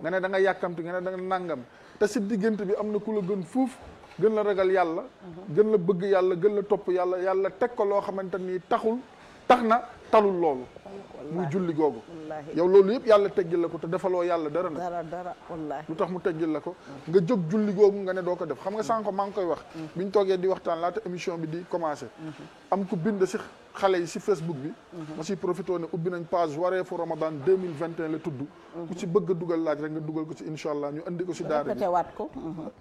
nga ne da nga yàkkamti nga ne da nga nàngam te si diggante bi am na ku la gën fuuf gën la ragal yàlla gën la bëgg yàlla gën la topp yàlla yàlla teg ko loo xamante ni taxul tax na talul loolu muy julli googu yow loolu yëpp yàlla teggil la ko te defaloo yàlla dara nag dara dara wallaahi lu tax mu teggil la ko nga jóg julli googu nga ne doo ko def xam nga sànq maa ngi koy wax mm-hmm. bi ñu toogee di waxtaan laata émission bi di commencé mm-hmm. am ku bind si xale yi si Facebook bi mm-hmm. ma si profité ne ubbi nañ waree page wareefu mille 2021 la tudd ku ci bëgg a dugal laaj rek nga dugal ko ci insha allah ñu andi ko si daara bi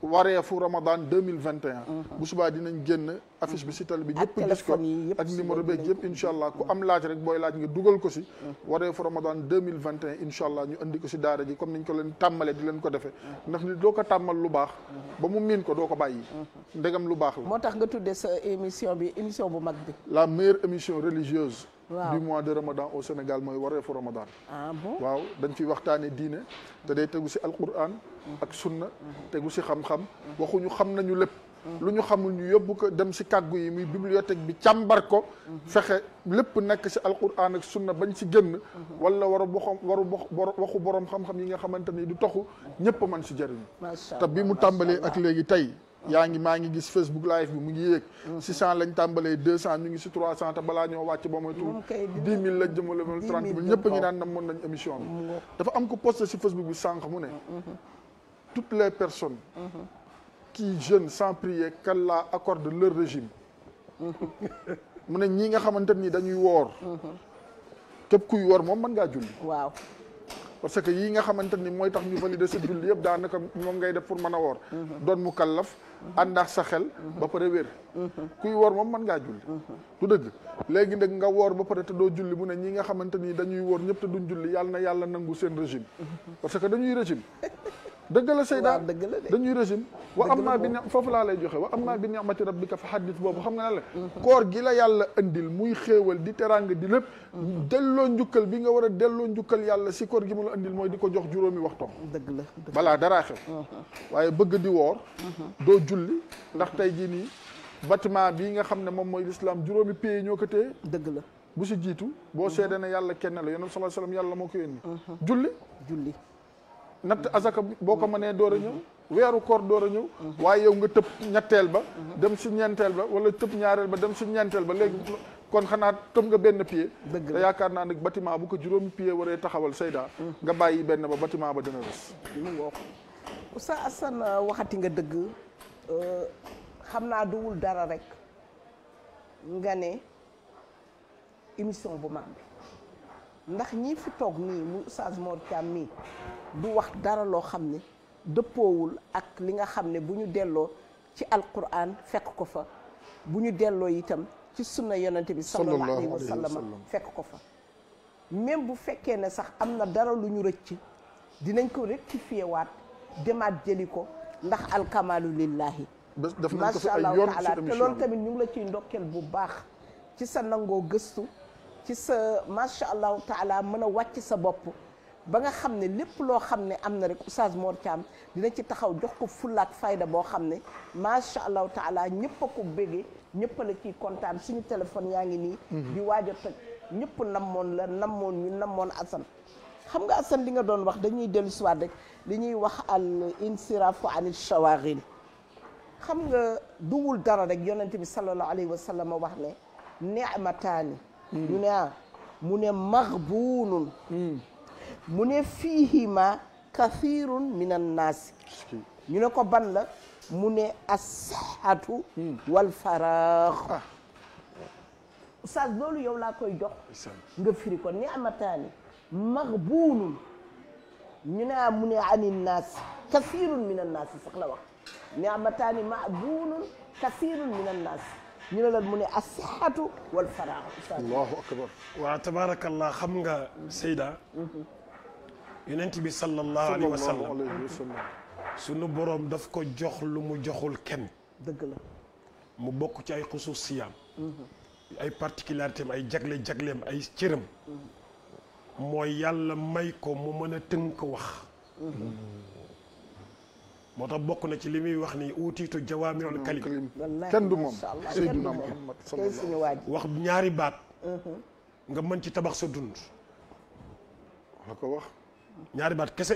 wareefu Ramadan 2021 bu subaa dinañ génn affiche bi si tali bi ñëpp gis ko ak numéro beeg yëpp incha allah ku am laaj rek booy laaj nga dugal ko si mm. wareefu ramadan 2021 incha allah ñu andi ko si daara ji comme niñ ko leen tàmmale di leen ko defee mm. ndax ni doo ko tàmmal lu baax mm. ba mu miin ko doo ko bàyyi ndegam lu baax la moo tax nga tuddee sa émission bi émission bu mag bi la meilleure émission religieuse Wow. du mois de Ramadan au Sénégal mooy wareefu Ramadan. ah bon waaw dañ ciy waxtaanee diine. te day tegu si alquran. ak sunna. tegu si xam-xam. waxuñu xam nañu lépp. lu ñu xamul ñu yóbbu ko dem si kàggu yi muy bibliothèque bi càmbar ko fexe lépp nekk si alquran ak sunna bañ si génn wala waru boxam waru waxu borom xam-xam yi nga xamante ni du taxu ñépp man si jëriñu te bi mu tàmbalee ak léegi tey yaa ngi maa ngi gis Facebook live bi mu ngi yéeg. 600 mm-hmm. lañ tàmbalee 200 ñu ngi si 300 te balaa ñoo wàcc ba mooy tuuti. Mm-hmm, kay 10 000 lañ jëmale 30 000 ñëpp a ngi naan mën nañ émission bi. Mm-hmm. dafa am ko posté si Facebook bi sànq mu ne. toutes les personnes. qui jeûne sans prier qu'Allah accorde leur régime [LAUGHS] mu ne ñii nga xamante ni dañuy woor képp kuy woor moom mën ngaa julli waaw parce que yii nga xamante ni mooy tax ñu valider sa julli yëpp daanaka moom ngay def pour mën a woor mhm. doon mu kallaf mhm. ànd ak sa xel mhm. ba pare wér kuy woor moom mën ngaa julli du dëgg léegi nag nga woor ba pare te doo julli mu ne ñi nga xamante ni dañuy woor ñëpp te duñ julli yàlla na yàlla nangu seen régime parce que dañuy régime [LAUGHS] dëgg la Seyda dañuy régime wa am naa bi ne foofu laa lay joxe wa am naa bi ni'mati rabbika fa xaddis boobu xam nga ne la mm-hmm. koor gi la yàlla indil muy xéewal di teraanga di lépp mm-hmm. delloo njukkal bi nga war a delloo njukkal yàlla si koor gi mu la indil mooy di ko jox juróomi waxtoom dëgg la balaa daraa xew mm-hmm. waaye bëgg di woor doo julli ndax tey jii nii bâtiment bii nga xam ne moom mooy lislaam juróomi pays ñoo ko te dëgg la bu si jiitu boo seede ne yàlla kenn la yonent sallallahu alayhi yàlla moo ko yónni julli julli natt azaka boo ko mënee door a ñëw weeru koor door a ñëw waaye yow nga tëb ñetteel ba dem si ñeenteel ba wala tëb ñaareel ba dem si ñeenteel ba léegi kon xanaa tëb nga benn pied te yaakaar naa nag bâtiment bu ko juróomi pied waree taxawal sayda nga bàyyi benn ba bâtiment ba dina res Oustaz Assane waxati nga dëgg euh, xam naa duwul dara rek nga ne émission bu mag bi ndax ñi fi toog nii mu Oustaz Mor Thiam mii du wax dara loo xam ne dëppoowul ak li nga xam ne bu ñu delloo ci alquran fekk ko fa bu ñu delloo itam ci sunna yonante bi sallallahu alayhi wa sallam fekk ko fa même bu fekkee ne sax am na dara lu ñu rëcc dinañ ko rekk rectifié waat demaat jëli ko ndax alkamalu lillahi macha allahu taala te loolu tamit ñu la ciy ndokkeel bu baax ci sa nangoo gëstu ci sa macha allahu taala mën a wàcc sa bopp ba nga xam ne lépp loo xam ne am na rek oustaz Mor Thiam dina ci taxaw jox ko fullaak fayda boo xam ne macha allahu taala ñëpp ko béggee ñëpp la ciy kontaan suñu téléphone yaa ngi nii. Mhm. di waaj a toj ñëpp namoon la namoon ñu namoon xam nga Assane li nga doon wax dañuy dellu si rek li ñuy wax al insirafu anil shawaghil xam nga duwul dara rek yonent bi sallallahu alayhi wa sallam wax ne. ni'mataani. Mhm. ñu ne ah bu ne mu ne fiihima kathirun min annaasi ñu ne ko ban la mu ne assihatu hmm. wal faraax ah. ustaas loolu yow laa koy jox nga firi ko ni'mataani maghbuunun ñu ne ah, mu ne ani naas kathirun min annaas sax la wax ni'mataani maghbuunun kathirun min annaas ñu ne la mu ne assihatu wal faraax allahu akbar waa tabaarakallah xam nga Seyda mhm. yonent bi sallallahu alayhi wa sallam sunu boroom daf ko jox lu mu joxul kenn. dëgg la mu bokk ci ay xusuusiyaam ay particularitéem ay jagle jagleem ay cëram. mooy yàlla may ko mu mën a ko wax. moo tax bokk na ci li muy wax ni uutiitu jawaamirul kalim kenn du moom wax ñaari baat. nga mën ci tabax sa dund. la ko wax. ñaari baat kese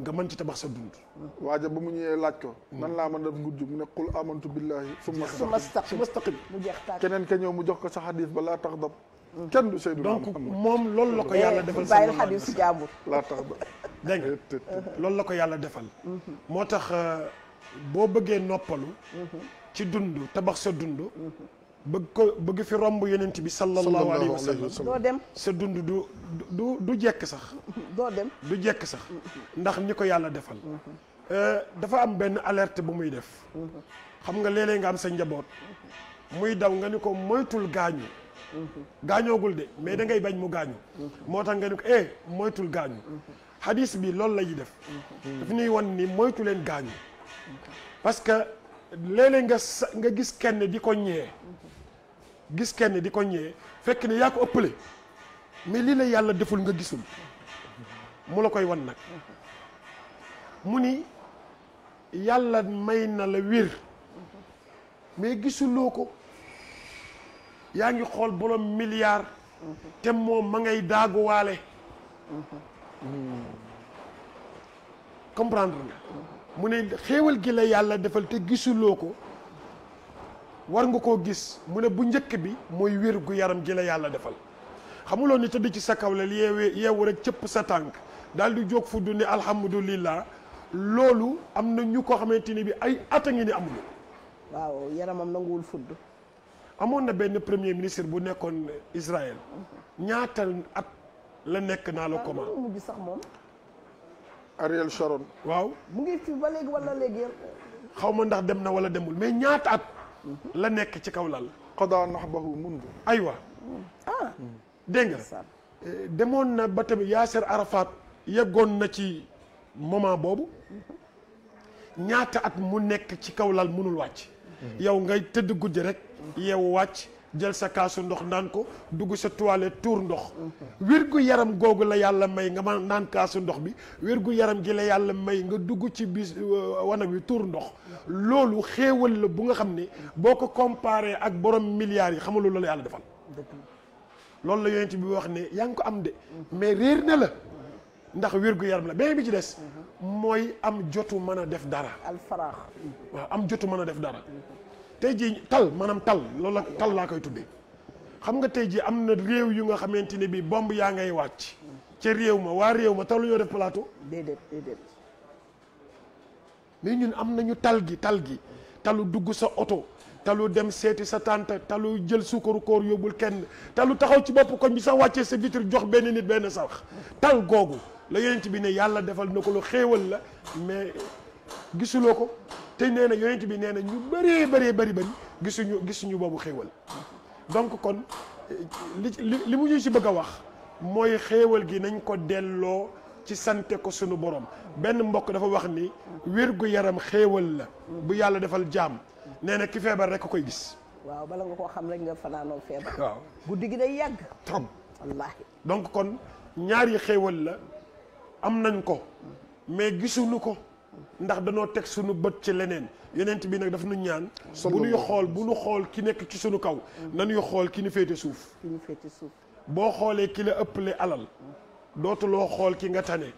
nga man ci tabax sa dund waaja ba mu ñëwee laaj ko nan laa mën def ngud jub mu ne qul amantu billahi summa staqim mustaqim mu jeex tàkk keneen ka ñëw mu jox ko sa xadis ba laa tax dab kenn du Seydou donc moom loolu la ko yàlla defal bàyyil xadis jàmbur laa tax dab dégg nga loolu la ko yàlla defal mhm. moo tax euh, boo bëggee noppalu mhm. ci dund tabax sa dund mhm. bëgg ko bëgg fi romb yonent bi sallallahu alayhi wa sallam doo dem sa dund du du du jekk sax [LAUGHS] doo dem du jekk sax ndax ni ko yàlla defal mm-hmm. euh, dafa am benn alerte bu muy def mm-hmm. xam nga léeg nga am sa njaboot mm-hmm. muy daw nga ni ko moytul gaañu gaañoogul de mais da ngay bañ mu gaañu moo tax nga ni ko eh moytul gaañu hadis bi loolu la ñuy def daf ñuy wan ni moytu leen gaañu parce que léeg nga sa nga gis kenn di ko ñee gis kenn di ko ñëwee fekk ne yaa ko ëppale mais lii la yàlla deful nga gisul mu la koy wan nag mu ni yàlla may na la wér mais gisuloo ko yaa ngi xool borom milliard te moom ma ngay daaguwaale comprendre nga mu ne xéewal gi la yàlla defal te gisuloo ko war nga koo gis mu ne bu njëkk bi mooy wér gu yaram ji la yàlla defal xamuloo ni tëdd ci sa kawleel yeewee yeewu rek cëpp sa tànk dal di jóg fu du ne alhamdulillah loolu am na ñu ko xamante ni bi ay at a ngi ni amul. waaw yaramam nanguwul fudd. amoon na benn premier ministre bu nekkoon Israël ñaatal at la nekk naa la ah, comment sax moom. Ariel Sharon. waaw mu ngi fi ba léegi wala léegi. xaw ma ndax dem na wala demul mais ñaata at. la nekk ci kaw lal xoddaa nax bahu mundu aywa ah, ah. dégg nga eh, demoon na ba tamit Yasser Arafat yeggoon na ci moment boobu ñaata at mu nekk ci kaw lal mënul wàcc mm-hmm. yow ngay tëdd guddi rek yeewu wàcc jël sa kaasu ndox naan ko dugg sa toilette tuur ndox wérgu yaram googu la yàlla may nga ma naan kaasu ndox bi wérgu yaram gi la yàlla may nga dugg ci bis euh, wanag wi tuur ndox loolu xéewal la bu nga xam ne boo ko comparé ak borom milliards yi xamuloo loolu la yàlla defal loolu la yonent bi wax ne yaa ngi ko am de mais réer na la ndax wérgu yaram la beneen bi ci des mooy am jotu mën a def dara alfaraax am jotu mën a def dara tey jii tal maanaam tal loolu tal laa koy tuddee xam nga tey jii am na réew yu nga xamante ne bii bomb yaa ngay wàcc. ca réew ma waa réew ma talu ñoo def plateau. déedéet déedéet. mais ñun am nañu tal gi tal gi talu dugg sa oto talu dem seeti sa tante talu jël suukaru koor yóbbul kenn talu taxaw ci bopp koñ bi sax wàccee sa vitre jox benn nit benn sax tal googu la yonent bi ne yàlla defal na ko lu xéewal la mais gisuloo ko. te nee na yonent bi nee na ñu bëree bëree bari bëri gisuñu gisuñu boobu xéewal donc kon li li li mu ñu ci bëgg a wax mooy xéewal gi nañ ko delloo ci sante ko sunu borom benn mbokk dafa wax ni wér-gu-yaram xewal la bu yàlla defal jaam nee na ki feebar rek ko koy gis waaw bala nga koo xam rek nga fanaanoo feebar waaw guddi gi day yàgg trop wallaahi donc kon ñaari xéewal la am nañ ko mais gisuñu ko ndax danoo teg suñu bët ci leneen yonent bi nag daf nu ñaan bu nuy xool bu nu xool ki nekk ci suñu kaw nanuy xool ki nu féete suuf ki nu féete boo xoolee ki la ëppale alal dootuloo xool ki nga tane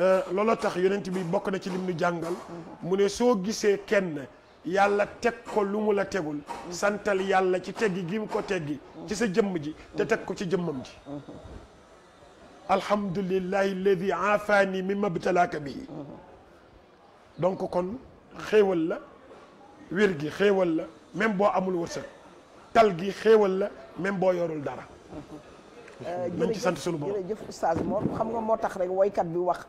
euh, looloo tax yonent bi bokk na ci lim nu jàngal mu ne soo gisee kenn yàlla teg ko lu mu la tegul santal yàlla ci teggi gi mu ko teggi ci sa jëmm ji te teg ko ci jëmmam ji alhamdulillahi alladi aafani mimma ibtalaaka bihi donc kon xéewal la wér gi xéewal la même boo amul wërsëg tal gi xéewal la même boo yorul dara euh, nañ ci sant sunu borom jërëjëf oustaz Mor xam nga moo tax rek woykat bi wax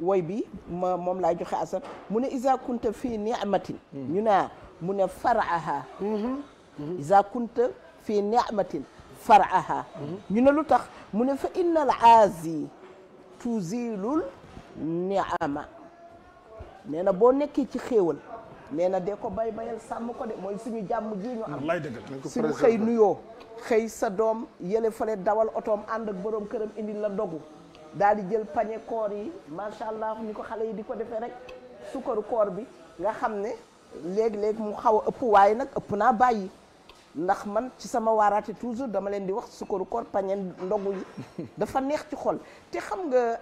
woy bi ma moom laay joxe asar mu ne isa kunta fii ni'matin hmm. ñu naa mu ne faraaha hmm. hmm. isa kunta fii ni'matin faraaha ñu ne lu tax mu ne fa inna al aazi tuzilul niama nee na boo nekkee ci xéewal nee na dee ko bay bayal sàmm ko de mooy suñu jàmm ji ñu am suñu xëy nuyoo xëy sa doom yële fale dawal otoom ànd ak boroom këram indi la dogu daal di jël pañe koor yi macha allah ni ko xale yi di ko defee rek sukaru koor bi nga xam ne léeg-léeg mu xaw a ëpp waaye nag ëpp naa bàyyi ndax man ci sama waaraate toujours dama leen di wax sukkaru koor pañeen ndogu yi [LAUGHS] dafa neex ci xol te xam nga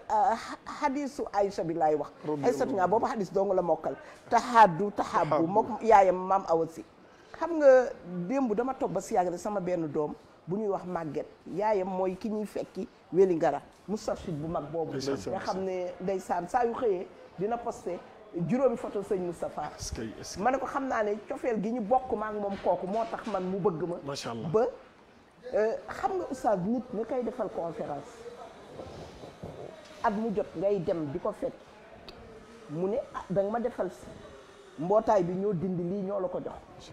xadisu euh, Aïcha bi laay wax Aïsatu nga boobu xadis dong la mokkal tahaadu tahaabu mook yaayam maam awasi xam nga démb dama toog ba si yàgg sama benn doom bu ñuy wax màgget yaayam mooy ki ñuy fekki weli mu mustarchid bu mag boobu nga xam ne ndeysaan saa yu xëyee dina posté juróomi photo sëñ Moustapha ma ne ko xam naa ne cofeel gi ñu bokk maak moom kooku moo tax man mu bëgg ma macha allah ba euh, xam nga oustaz nit nga koy defal conférence at mu jot ngay dem di ko fekk mu ne ah danga ma defal si mbootaay bi ñoo dindi lii ñoo la ko jox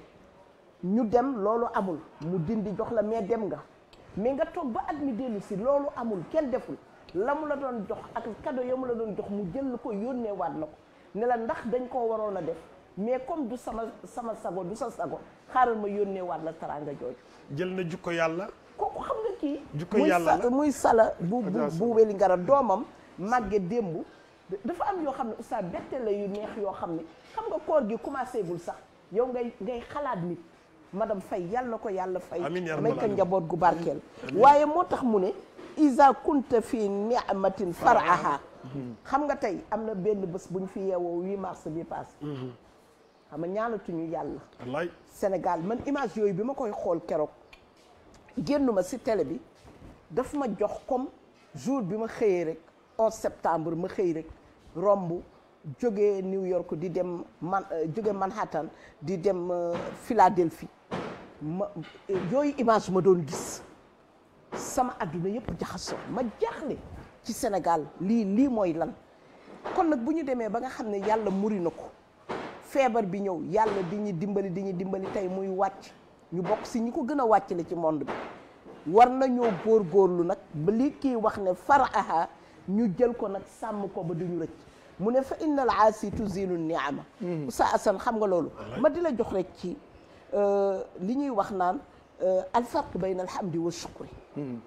ñu dem loolu amul mu dindi jox la mais dem nga mais nga toog ba at mi dellu si loolu amul kenn deful la mu la doon jox ak cadeau ya mu la doon jox mu jël ko yónnee waat la ko ne ndax dañ koo waroon a def mais comme du sama sama sago du sa sago xaaral ma yónnee waat la taraanga jooju. jël na jukko yàlla. kooku xam nga kii. jukko muy sala bu bu bu weli ngara doomam màgge démb. dafa am yoo xam ne oustaz bette la yu neex yoo xam ne xam nga koor gi commencé gul sax yow ngay ngay xalaat nit madame fay yàlla ko yàlla fay may ko njaboot gu barkeel waaye moo tax mu ne isa kunta fi ni'matin far'aha xam nga tey am na benn bës bu ñu fi yeewoo 8 mars bi passé. Mhm. xam nga tuñu yàlla. wallaay Sénégal man image yooyu bi ma koy xool keroog. génnuma si tele bi daf ma jox comme jour bi ma xëyee rek 11 septembre ma xëy rek romb jóge New York di dem man euh, jóge Manhattan di dem euh, Philadelphie ma yooyu image ma doon gis sama àdduna yëpp jaxasoo ma jaaxle. ci senegal lii lii mooy lan kon nag bu ñu demee ba nga xam ne yàlla muri na ko feebar bi ñëw yàlla di ñu dimbali di ñu dimbali tey muy wàcc ñu bokk si ñu ko gën a wàcc la ci monde bi war góor góorlu nag ba li kii wax ne faraha ñu jël ko nag sàmm ko ba duñu rëcc mu ne fa innal aasi tuzilu niama Oustaz hmm. Assane xam nga loolu ma di la jox rek ci euh, li ñuy wax naan euh, alfarq bayna alhamdi wa shukri hmm.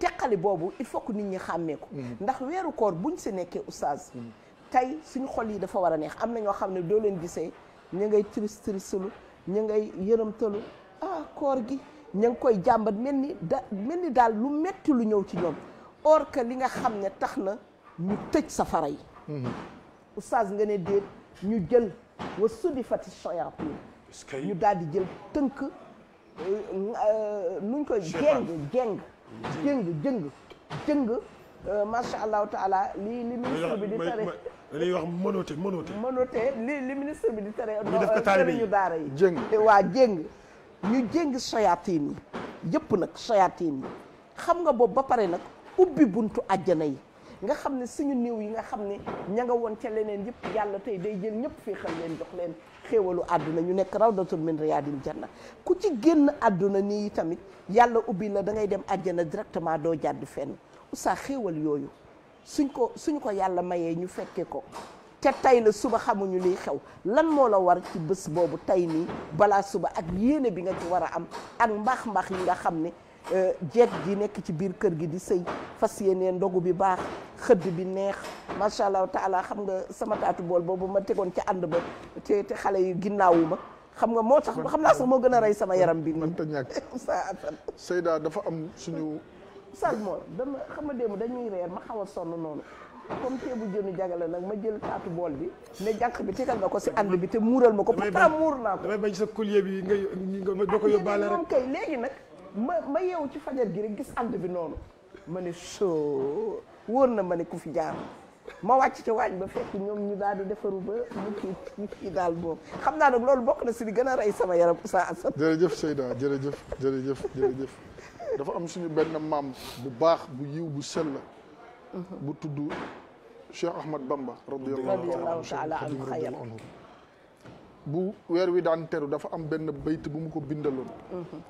teqali boobu il faut que nit ñi xàmmee ko mm-hmm. ndax weeru koor ñu si nekkee oustaz mm-hmm. tey suñu xol yi dafa war a neex am na ñoo xam ne doo leen gisee ñu ngay triste tristelu ñu ngay yërëmtalu ah gi ñu ngi koy jàmbat mel ni da lu metti lu ñëw ci ñoom or que li nga xam ne tax na ñu tëj safara yi mm-hmm. oustaz nga ne déet ñu jël wa sudi fati soyapin ñu daal di jël tënk euh, euh, nuñ koy geng geng jëng jëng jëng euh, macha allahu taala li li ministre bi di tere li wax mënoote mënoote mënoote li bi di tere sëriñu daara yi jëng eh, waa jëng ñu jëng soyaatiin yi yëpp nag soyaatiin yi xam nga boobu ba pare nag ubbi buntu àjjana yi nga xam ne suñu néew yi nga xam ni ña nga woon ca leneen yëpp yàlla tey day jël ñëpp fii xel leen jox leen xéewalu àdduna ñu nekk raw rawdatun min riyaadil janna ku ci génn àdduna nii tamit yàlla ubbi la dangay dem dem àjjana directement doo jàdd fenn usaa xéewal yooyu suñ ko suñ ko yàlla mayee ñu fekkee ko ca tey la suba xamuñu liy xew lan moo la war ci bés boobu tey nii balaa suba ak yéene bi nga ci war a am ak mbaax mbaax yi nga xam ne Euh, jeeg ji nekk ci biir kër gi di sëy fas yeneen ndogu bi baax xëdd bi neex macha allah taala xam nga sama taatu bool boobu ma tegoon ci ànd ba te te xale yu ginnaawu ma xam nga moo tax xam naa sax moo gën a sama yaram bi. mënta ñàkk [LAUGHS] Seyda dafa am suñu. Salmon dama xam nga démb dañuy reer ma xaw a sonn noonu comme ceebu jënu jagale nag ma jël taatu bool bi ne jànq bi tegal ko si ànd bi te muural ma ko pourtant muur naa ko. damay bañ sa collier bi nga nga doo ko yóbbaale rek léegi nag. ma ma yeewu ci fajar gi rek gis ànd bi noonu ma ne soo wóor na ma ne ku fi jaar ma wàcc ca waañ ba fekk ñoom ñu daal di defaru ba mu daal boobu xam naa nag loolu bokk na si li gën a sama yaram sa asat jërëjëf Seyda jërëjëf jërëjëf jërëjëf dafa am suñu benn maam bu baax bu yiw bu sell bu tudd Cheikh Ahmad Bamba radiyallahu taala anhu xayal bu weer wi daan teru dafa am benn bayt bu mu ko bindaloon mhm.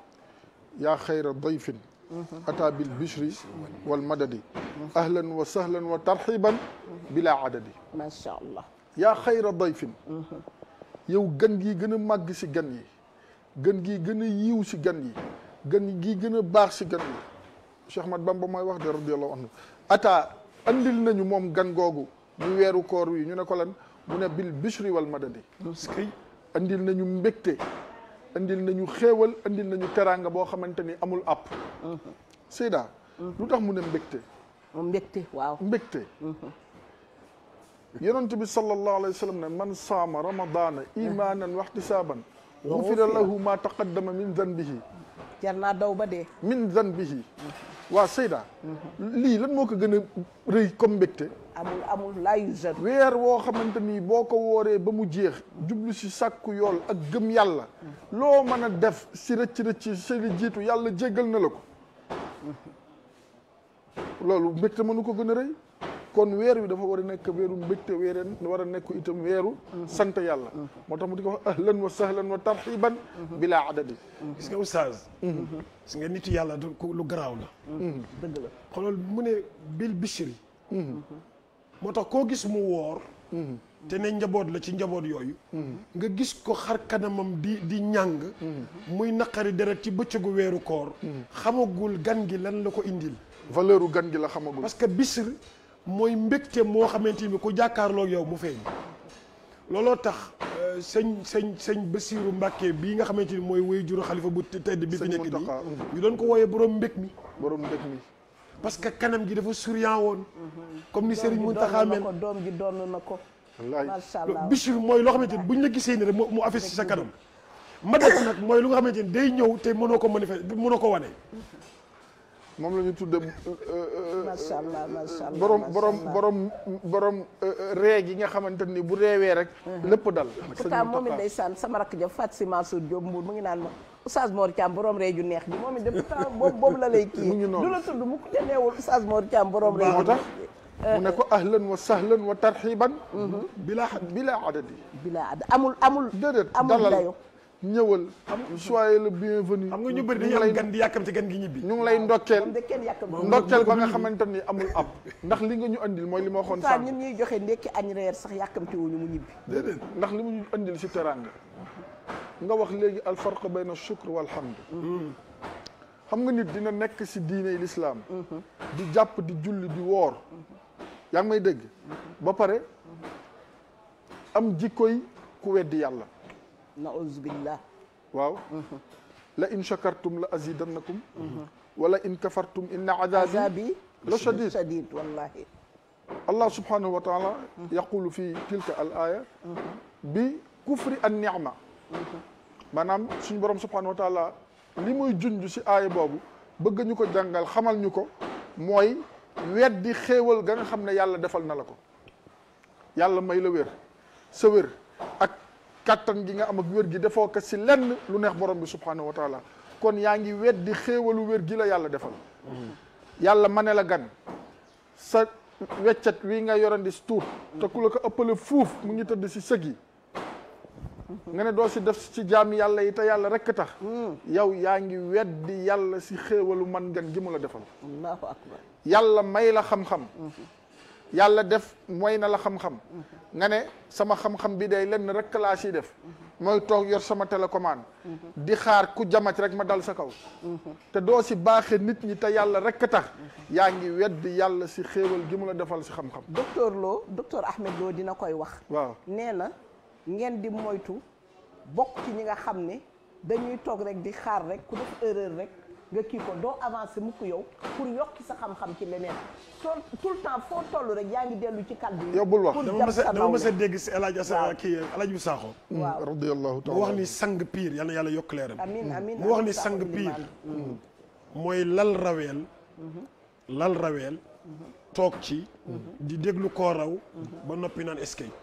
yaa xayra dayfin ata bil bichri wal madadi ahlan wa sahlan wa tarxiban bila adadi macha allah yaa xayra dayfin yow gan gi gën a màgg si gan yi gën gi gën yiw si gan yi gan gi gën baax si gan yi Cheikh Ahmad Bamba mooy wax de radiallahu anhu ata andil nañu moom gan googu ñu weeru koor wi ñu ne ko lan mu ne bi bichri wal madadi andil nañu mbégte indil nañu xéewal indil nañu teraanga boo xamante ni amul app Seyda lu tax mu ne mbégte mbégte waaw mbégte yonent bi sallallahu alayhi wa sallam ne man saama ramadana imanan waxtisaaban gufira lahu ma taqaddama min zanbihi jar naa daw ba dee min zanbihi waa Seyda lii lan moo ko gën a rëy amul amul laayu weer woo xamante ni boo ko wooree ba mu jeex jublu si sàkku yool ak gëm yàlla loo mën a def si rëcc-rëcc si li jiitu yàlla jéggal na la ko loolu mbégte mënu ko gën a rëy kon weer wi dafa war a nekk weeru mbégte weereen war a nekk itam weeru sant yàlla moo tax mu di ko wax ahlan wa sahlan wa tarxiban bilaa adadi gis nga oustaz gis nga nitu yàlla du lu garaaw la dëgg la mu ne bil bishri moo tax koo gis mu woor mhm. te ne njaboot la ci njaboot yooyu mhm. nga gis ko xar kanamam di di ñàng mhm. muy naqari deret ci bëccëgu weeru koor xamagul gan gi lan la ko indil valeur gan gi la xamagul parce que bisr mooy mbégte moo xamante ni ku jàkkaarloog yow mu feeñ looloo tax euh, sëñ sëñ sëñ Basiiru Mbàkke bi nga xamante ni mooy wéy juru xalifa bu tedd bi fi nekk nii ñu doon ko wooyee borom mbég mi borom mbég mi parce que kanam gi dafa souriant woon. Mhm. comme ni Serigne Mountakha doom gi doon na ko macha allah bichir mooy loo xamante ni buñ la gisee ni rek mu affiche ci sa kanam. nag mooy lu nga xamante ni day ñëw te mënoo ko manifester mënoo ko wane. moom la ñu tudde euh, euh, macha allah euh, macha allah borom borom borom borom ree gi nga xamante ni bu reewee rek. Mhm. lépp dal. parce que moom it day sànn sama rakk ja Fatou Sy Mansour Diop Mbour mu ngi naan ma. Oustaz Mor Thiam borom ree ju neex bi moom it de [LAUGHS] boobu boobu la lay kii du la tudd mu ko te neewul Oustaz Mor Thiam borom ree ju neex mu ne ko ahlan wa sahlan wa tarxiban mhm. bila bila adadi bila ad amul amul déedéet amul dayo ñëwal soyez le bienvenu xam nga ñu bëri dañu lay gan di yàkkam ci gan gi ñibbi ñu ngi lay ndokkeel ndokkeel ba nga xamante ni amul ab ndax li nga ñu andil mooy li ma waxoon sànq ñun ñuy joxe ndekki añ reer sax yàkkamti wuñu mu ñibbi déedéet ndax li mu ñu andil si teranga nga wax léegi alfarq bayna shukr wal hamd xam nga nit dina nekk si diine lislaam di jàpp di julli di woor yaa ngi may dégg ba pare am jikkoy ku weddi yàlla naouzubillah waaw la in shakartum la azidannakum wala in kafartum inna azabi la wallahi allah subhanahu wa taala yaqulu fi tilka al aya bi kufri an ni'ma maanaam suñu borom subhanahu wa taala li muy junj si aaya boobu bëgg ñu ko jàngal xamal ñu ko mooy di xéewal ga nga xam ne yàlla defal na la ko yàlla may la wér sa wér ak kàttan gi nga am ak wér gi defoo ko si lenn lu neex borom bi subhanahu wa kon yaa ngi di xéewalu wér gi la yàlla defal yàlla ma ne la gan sa weccat wi nga yorandi si tuut te ku ko ëppale fuuf mu ngi tëdd si sëg yi nga ne doo si def ci jaami yàlla yi te yàlla rek tax yow yaa ngi weddi yàlla si xéewalu man ngan gi mu la defal allahu yàlla may la xam-xam def mooy na la xam nga ne sama xam-xam bi day lenn rek laa siy def mooy toog yor sama télécommande di xaar ku jamac rek ma dal sa kaw te doo si baaxe nit ñi te yàlla rekk tax yaa ngi weddi yàlla si xéewal gi mu la defal si xam-xam docteur Lo docteur Ahmed Lo dina koy wax waaw ngeen di moytu bokk ci ñi nga xam ne dañuy toog rek di xaar rek ku def erreur rek nga kii ko doo avancé mukk yow pour yokki sa xam-xam ci leneen tout le temps foo toll rek yaa ngi dellu ci kàddu yi. yow bul wax dama mës a dégg si El Hadj Assane kii El Hadj Sakho. Mm. Mm. waaw radiyallahu taala mm. mu wax ni sang piir yal yàlla yokk leeram. amiin amiin mu wax ni sang pire. mooy lal raweel. Mm-hmm. lal raweel. Mm-hmm. toog ci. Mm-hmm. di déglu koo raw. ba noppi naan escape.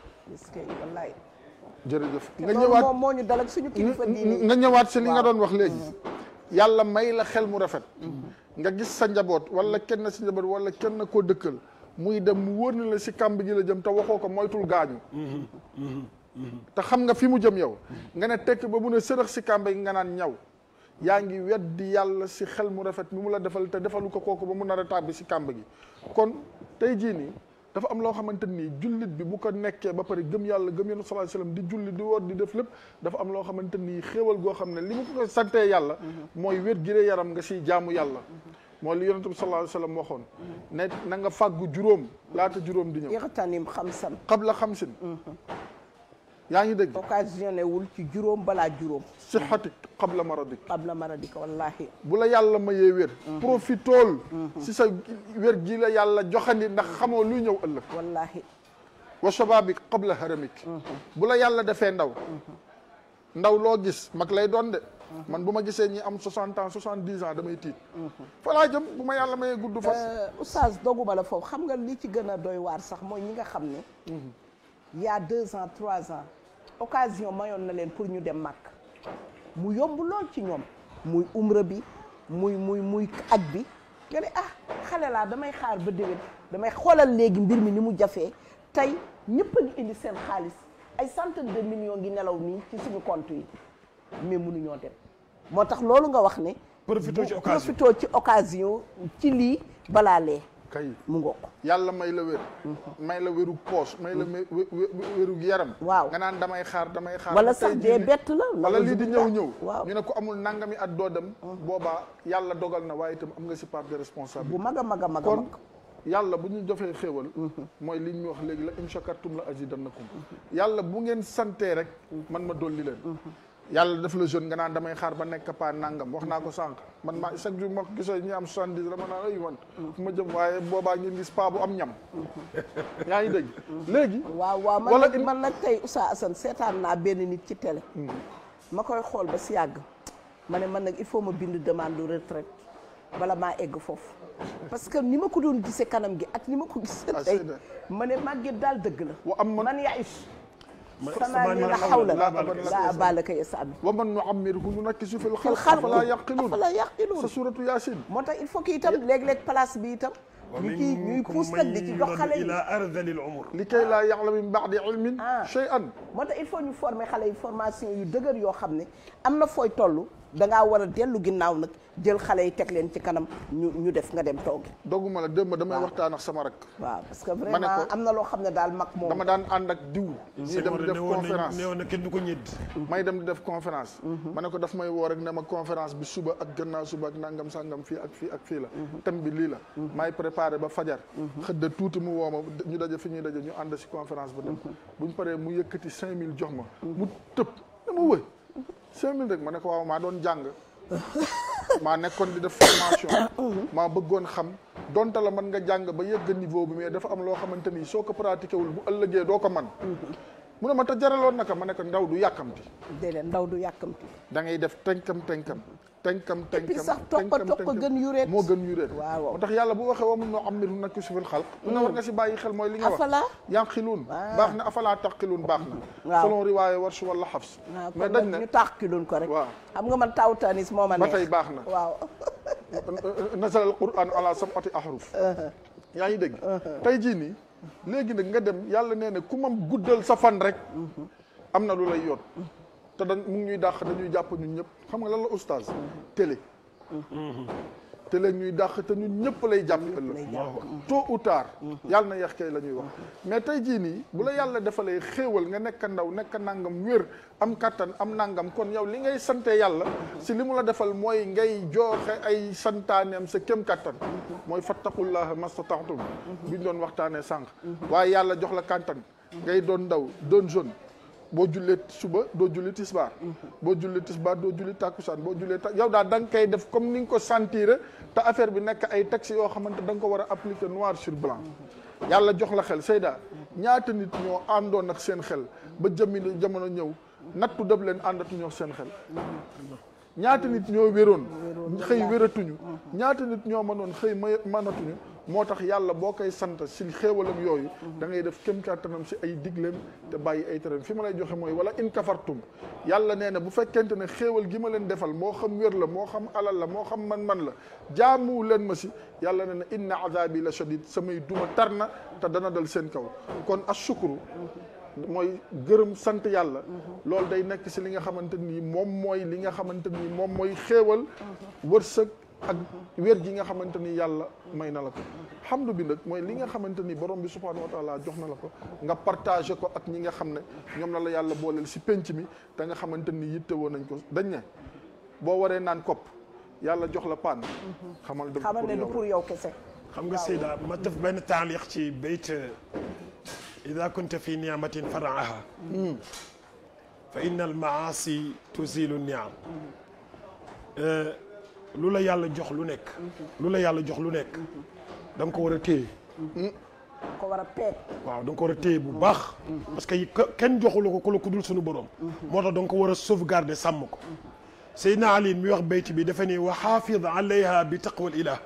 jërëjëf nga ñëwaat moo ñu dal ak suñu kilifa diine nga ñëwaat si li nga doon wax léegi mm-hmm. yàlla may la xel mu rafet mm-hmm. nga gis sa njaboot wala kenn si njaboot wala kenn koo dëkkal muy dem mu wóor na la si kàmb ji la jëm te waxoo ko moytul gaañu mm-hmm. te xam nga fi mu jëm yow nga ne tekk ba mu ne sërëx si kàmb yi nga naan ñaw yaa ngi weddi yàlla si xel mu rafet mi mu la defal te defalu ko kooku ba mun nar a tàbbi si kàmb gi kon tey jii nii dafa am loo xamante nii jullit bi bu ko nekkee ba pare gëm yàlla gëm yonent sallallahu alayhi di julli di woor di def lépp dafa am loo xamante nii xéewal goo xam ne li mu santee yàlla mm-hmm. mooy wér giree yaram nga si jaamu yàlla mm-hmm. mooy li yonent bi sallallahu alayhi wasallam waxoon na nga fàggu juróom laata juróom di ñëw yaqtanim xamsan qabla xamsin mm-hmm. yaa ngi dégg occasionné wul ci juróom balaa juróom sixatik qabla maradik qabla maradik wallahi bu la yàlla mayee wér mhm. profitool si mhm. sa wér gii la yàlla joxandi ndax xamoo luy ñëw ëllëg wallahi wa shababik qabla haramik mhm. bu la yàlla defee ndaw ndaw loo gis mag lay doon de man bu ma gisee ñi am soixante ans soixante dix ans damay tiit fa laa jëm bu ma yàlla mayee gudd fa euh, oustaz doguma la foofu xam nga li ci gën a doy waar sax mooy ñi nga xam ne il y a deux ans trois ans occasion mayoon na leen pour ñu dem màkk mu yomb lool ci ñoom muy umra bi muy muy muy aj bi nga ne ah xale damay xaar ba déwén damay xoolal léegi mbir mi ni mu jafee tey ñëpp a ngi indi seen xaalis ay centaine de million ngi nelaw nii ci suñu compte yi mais munuñoo dem moo tax loolu nga wax ne profito ci occasion ci lii balaa lee kay mu ngoog yàlla may la wér mhm. may la wéru poos may la wéru yaram waaw nga naan damay xaar damay xaar wala sax bett la wala lii di ñëw ñëw waaw ñu ne ko amul nangami at doo dem mhm. boobaa yàlla dogal na waaye itam am nga si part de bu mag a mag a mag kon yàlla bu ñu jofee xéewal mhm. mooy li ñu wax léegi la in shakartum la na ko yàlla bu ngeen santee rek man ma dolli leen yàlla def la jeune nga naan damay xaar ba nekk pa nangam wax naa ko sànq man maa chaque jour ma ko gisee ñu am soixante-dix dama naan ay man fu ma jëm waaye am ñam [LAUGHS] yaa léegi waaw waaw man man nag tey Oustaz Assane seetaan naa benn nit ci télé hmm. ma koy xool ba si yàgg ma ne man nag il faut ma bind demande de retraite bala maa egg foofu parce que ni ma ko doon gisee kanam gi ak ni ma ko gisee ah, tey ma ne màgget daal dëgg na wa am man man yaayus كما لا حول لا بالك يسامي ومن نعمره ننكس في الخلق فلا يعقلون فلا يعقلون sa suuratu Yaasin moo tax il faut que itam léeg-léeg place bi itam ñu ciy ñuy pousse nag di ci jox xale yi ila ardalil umur li kay laa ya'lam min ba'di ilmin ah. shay'an moo tax il faut ñu former xale yi formation yu dëgër yoo xam ne am na fooy toll dangaa war a dellu ginnaaw nag jël xale yi teg leen ci kanam ñu ñu def nga dem toogi dogguma la démb damay waxtaan ak sama rak waaw parce que vraiment am na loo xam ne daal mag moom dama daan ànd ak diw ñu dem di def conférence na kenn du ko may dem di def conférence mhm. ma ne ko daf may woo rek ne ma conférence bi suba ak gannaaw suba ak nangam sangam fii ak fii ak fii la mhm. thème bi lii la maay mhm. préparé ba fajar xëdda tuuti mu woo ma ñu daje fi ñuy daje ñu ànd si conférence ba dem bu ñu paree mu yëkkati cinq mille jox ma mu tëb dama wëy 5000 rek ma ne ko waaw maa doon jàng [LAUGHS] maa nekkoon di def formation mhm. maa bëggoon xam donte la mën nga jàng ba yëgg niveau bi mais dafa am loo xamante ni soo ko pratiqué wul bu ëllëgee doo ko man mhm. mu ne ma te jaraloon naka ma nekk ndaw du yàkkamti déedéet ndaw du yàkkamti dangay def tenkam tenkam tenkam tenkam sax tokka tokka gën yuréet moo gën yuréet waaw moo tax yàlla bu waxee wa mun noo am miru nag ko a xalq ku ne war nga si bàyyi xel mooy li nga wax afala yanqiluun ah. baax na a afala taqiluun baax na waaw selon riwaaye warsu wala xafs ah, mais dañ ne ñu taqiluun ko rek waaw xam nga man tawtanis moo ma neex tey baax na waaw [LAUGHS] nasal al quran ala sab'ati ahruf [LAUGHS] uh-huh. yaa ngi dégg uh-huh. tey jii nii léegi nag nga dem yàlla nee na ku ma guddal sa fan rek mm-hmm. am na lu lay yoon mm-hmm. te dañ mu ñuy dàq dañuy jàpp ñun ñëpp xam nga lan la oustaz télé télé ñuy dàq te ñun ñëpp lay jàpp ëllëg tôt ou yàlla na yeex kay la ñuy wax mais tey jii nii bu la yàlla defalee xéewal nga nekk ndaw nekk nangam wér am kattan am nangam kon yow li ngay sante yàlla si li mu la defal mooy ngay jooxe ay santaaneem sa kem kattan mooy fattaqullaha mastata'tum bi ñu doon waxtaanee sànq mm-hmm. waaye yàlla jox la kattan mm-hmm. ngay doon ndaw doon jeune boo jullee suba doo julli tisbaar mhm. boo julli tisbaar doo julli tàkkusaan boo jullee ta yow daal da nga koy def comme ni nga ko sentir te affaire bi nekk ay textes yoo xamante da nga ko war a appliquer noir sur blanc mhm. yàlla jox la xel Seyda ñaata nit ñoo àndoon ak seen xel ba jëmmi jamono ñëw nattu dëb leen àndatuñoo seen xel mhm. ñaata nit ñoo wéroon xëy wératuñu ñaata nit ñoo mënoon xëy mënatuñu moo tax yàlla boo koy sant si xéewalam yooyu da ngay def kem kàttanam si ay digleem te bàyyi ay tereem fi ma lay joxe mooy wala in kafartum yàlla nee na bu fekkente ne xéewal gi ma leen defal moo xam wér la moo xam alal la moo xam man-man la jaamu leen ma si yàlla nee na inna azabi la shadid samay duma tar na te dana dal seen kaw kon ashukuru mooy gërëm sant yàlla loolu day nekk si li nga xamante nii moom mooy li nga xamante nii moom mooy xéewal wërsëg ak weer gi nga xamante ni yàlla may na la ko xamdu bi nag mooy li nga xamante ni borom bi subhanahu wa taala jox na la ko nga partagé ko ak ñi nga xam ne ñoom na la yàlla booleel si penc mi te nga xamante ni yitte woon nañ ko dañ ne boo waree naan kopp yàlla jox la paan xamal ne du pour yow kese xam nga Seyda ma def benn taalix ci bayt ida kunta fi niamatin faraaha fa inna al maasi tuzilu niam mm-hmm. euh, lu la yàlla jox lu nekk. Mhm. lu la yàlla jox lu nekk. Mhm. da ko war a téye. Mhm. Hmm? war a peeg. waaw da nga ko bu baax. parce que kenn joxula ko ku la ku dul suñu borom. moo tax da war a sauvegarder sàmm ko. Seydina Ali muy wax bayti bi dafa ne wa xaafid alayha bi taqwal ilah.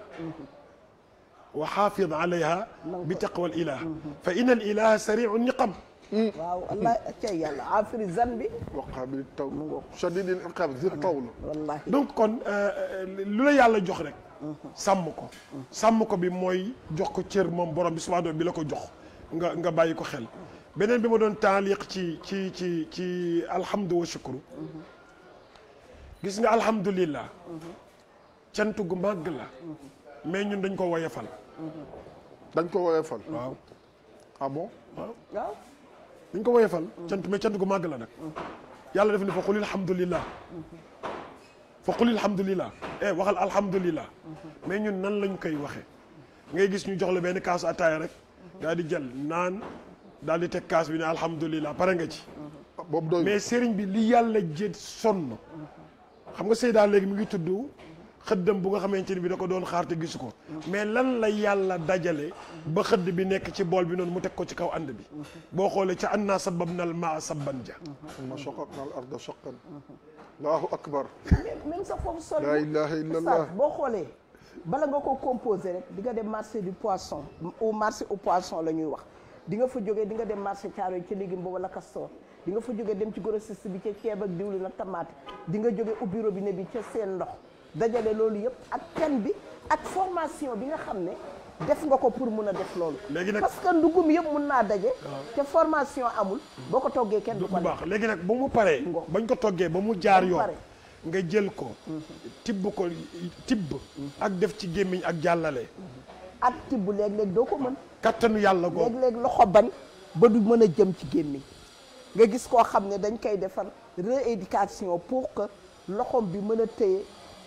wa xaafid alayha bi taqwal ilah. fa inna al niqam waaw allah cay yàlla afiri zan bi waqaabil taw mu ngo shadidil iqab zi taw la wallaahi donc kon euh, euh, lu la yàlla jox rek sàmm ko sàmm ko bi mooy jox ko cër moom borom bi subhanahu bi la ko jox nga nga bàyyi ko xel beneen bi ma doon taaliq ci ci ci ci alhamdu wa shukru gis nga alhamdulillah cant gu màgg la mais ñun dañ ko woyefal mhm. dañ dañ ko woyefal cant mais cant gu màgg la nag yàlla def ni fa xulil hamdulillah fa xulil hamdulillah eh waxal alhamdulillah mais ñun nan lañ koy waxe ngay gis ñu jox la benn kaasu ataaya rek daal di jël naan daal di teg kaas bi ne alhamdulillah pare nga ci boobu doy mais bi li yàlla jët sonn xam nga Seydaa léegi mu ngi tudd xëddam bu nga xamante ni bi da ko doon xaar te gisu ko mais lan la yàlla dajale ba xëdd bi nekk ci bool bi noonu mu teg ko ci kaw ànd bi boo xoolee ca annaa sabab nal maa sabban ja ma shaqaqna al arda shaqan allahu akbar même sa foofu sol la ilaha illallah boo xoolee bala nga ko composé rek di nga dem marché du poisson au marché au poisson la ñuy wax di nga fa jógee di nga dem marché caaro yi ca légume ba wala kastoor di nga fa jógee dem ci grossiste bi ca ceeb ak diwlin ak tamaate di nga jógee ubbi robinet bi ca seen ndox dajale loolu yëpp ak thème bi ak formation bi nga xam ne def nga ko pour mun a def loolu. léegi nag parce que ndugum yëpp mun naa daje. te formation amul. boo ko toggee kenn du ko baax léegi nag ba mu paree. bañ ko toggee ba mu jaar yoon. nga jël ko. Mhm. tibb ko tibb. Mhm. ak def ci gémmiñ ak jàllale. Mhm. ak tibb léeg-léeg doo ko mën. Ah, kattanu yàlla googu léeg-léeg loxo bañ ba du mën a jëm ci gémmiñ nga gis koo xam ne dañ koy defar rééducation pour que loxoom bi mën a téye.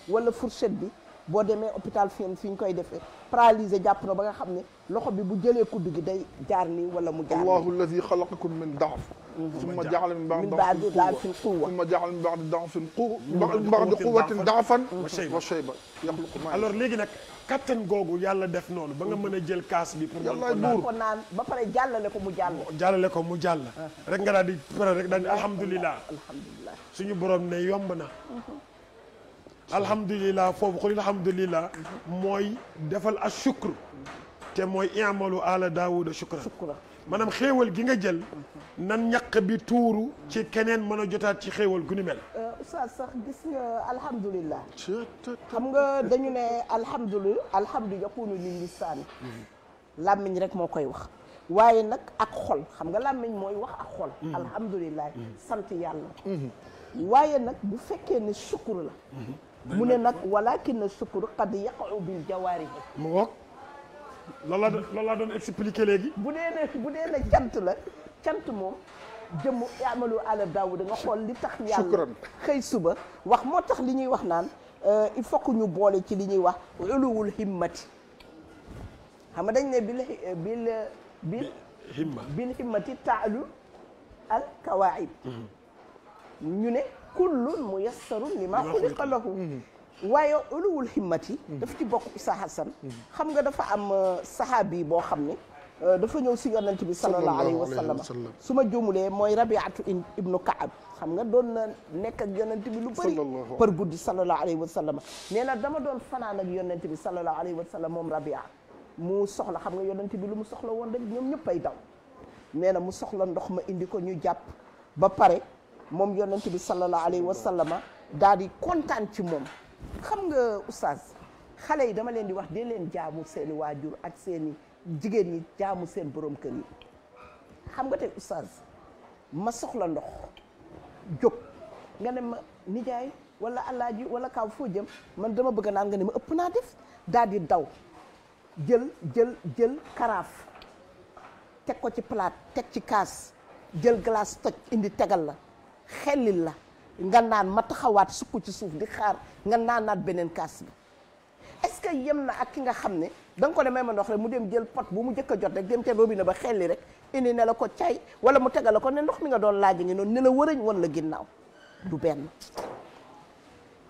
wala fourchette bi boo demee hôpital fii fi ñu koy defee paralysé jàpp na ba nga xam ne loxo bi bu jëlee kudd gi day jaar nii wala mu jaar allahu alladi xalaqakum min daaf mhm. summa jaala min ba'di daafin quwwa summa jaala min ba'di daafin quwwa min ba'di quwwatin daafan wa shayba yaxluqu ma alors léegi nag kattan googu yàlla def noonu ba nga mën a jël kaas bi pour mën naan ba pare jàllale ko mu jàll jàllale ko mu jàll uh-huh. rek nga daal di pare rek daal di alhamdulilah alhamdulilah suñu borom ne yomb na uh-huh. alhamdulilah foofu xul alhamdulilah mooy defal a shukr te mooy i'malu ala daawuda shukran maanaam xéewal gi nga jël nan ñaq bi tuuru ci keneen mën a jotaat ci xéewal gu ni mel euh, oustaz sax gis nga alhamdulilah xam nga dañu ne alhamdulilah alhamdu yakunu lil lisaan làmmiñ rek moo koy wax waaye nag ak xol xam nga làmmiñ mooy wax ak xol mm-hmm. alhamdulilah mm-hmm. sant yàlla mm-hmm. waaye nag bu fekkee ne shukr la mu ne nag walakin sukur qad yaqau bil jawaarihi mu ngoog loolu la loolu doon expliqué léegi bu dee ne bu dee ne cant la cant moom jëmm amalu ala daawuda nga xool li tax yàlla xëy suba wax moo tax li ñuy wax naan euh, il fok ñu boole ci li ñuy wax uluwul himmati xam nga dañ ne bil bil bil himma bil himmati taalu al kawaayib mhm. ñu ne kullun muyassarun ni ma xuliqa lahu mm-hmm. waaye uluwul himmati mm-hmm. daf ci bokk Isa Hasan mm-hmm. xam nga dafa am euh, saxaabi boo xam ne euh, dafa ñëw si yonent bi sallallahu alayhi wa sallam su ma jumulee mooy rabiatu ibnu kaab xam nga doon na nekk ak bi lu bëri par guddi sallallahu alayhi wa sallam nee na dama doon fanaan ak yonent bi sallallahu alayhi wa moom rabia mu soxla xam nga yonent bi lu mu soxla woon rek ñoom ñëpp ay daw nee na mu soxla ndox ma indi ko ñu jàpp ba pare moom yonent bi sallallahu alayhi wa sallama daal di kontaan ci moom xam nga oustaz xale yi dama leen di wax dee leen jaamu seeni waajur ak seeni jigéen ñi jaamu seen borom kër yi xam nga te oustaz ma soxla ndox jóg nga ne ma nijaay wala alaaji wala kaw foo jëm man dama bëgg naan nga ne ma ëpp naa def daal daw jël jël jël karaaf teg ko ci palaat teg ci kaas jël glace toj indi tegal la xellil la nga naan ma taxawaat sukk ci suuf di xaar nga naat beneen kaas bi est-ce que yem na ak ki nga xam ne da nga ko ne may ma ndox rek mu dem jël pot bu mu jëkk a jot rek dem te robinet ba xelli rek indi ne la ko cay wala mu tegal la ko ne ndox mi nga doon laaj ngi noonu ne la wërëñ woon la ginnaaw du benn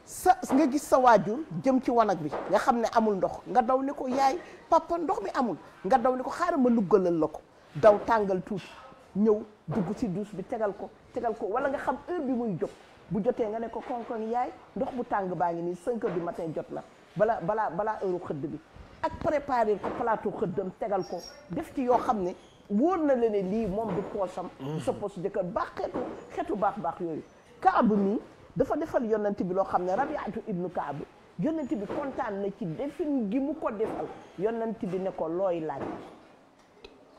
sa nga gis sa waajur jëm ci wanag bi nga xam ne amul ndox nga daw ne ko yaay papa ndox mi amul nga daw ne ko xaaral ma luggalal la ko daw tàngal tuuti ñëw dugg ci douche bi tegal ko tegal ko wala nga xam heure bi muy jóg bu jotee nga ne ko koŋ-koŋ yaay ndox bu tàng baa ngi nii 5 bi matin jot na bala balaa balaa heure xëdd bi ak préparer ko plateau xëddam tegal ko def ci yoo xam ne wóor na la ne lii moom du poosam du mm-hmm. sa poos jëkkër baax xeetu baax baax yooyu Kaab mii dafa defal yonent bi loo xam ne Rabiatu ibnu Kaab yonent bi kontaan na ci defin gi mu ko defal yonent bi ne ko looy laaj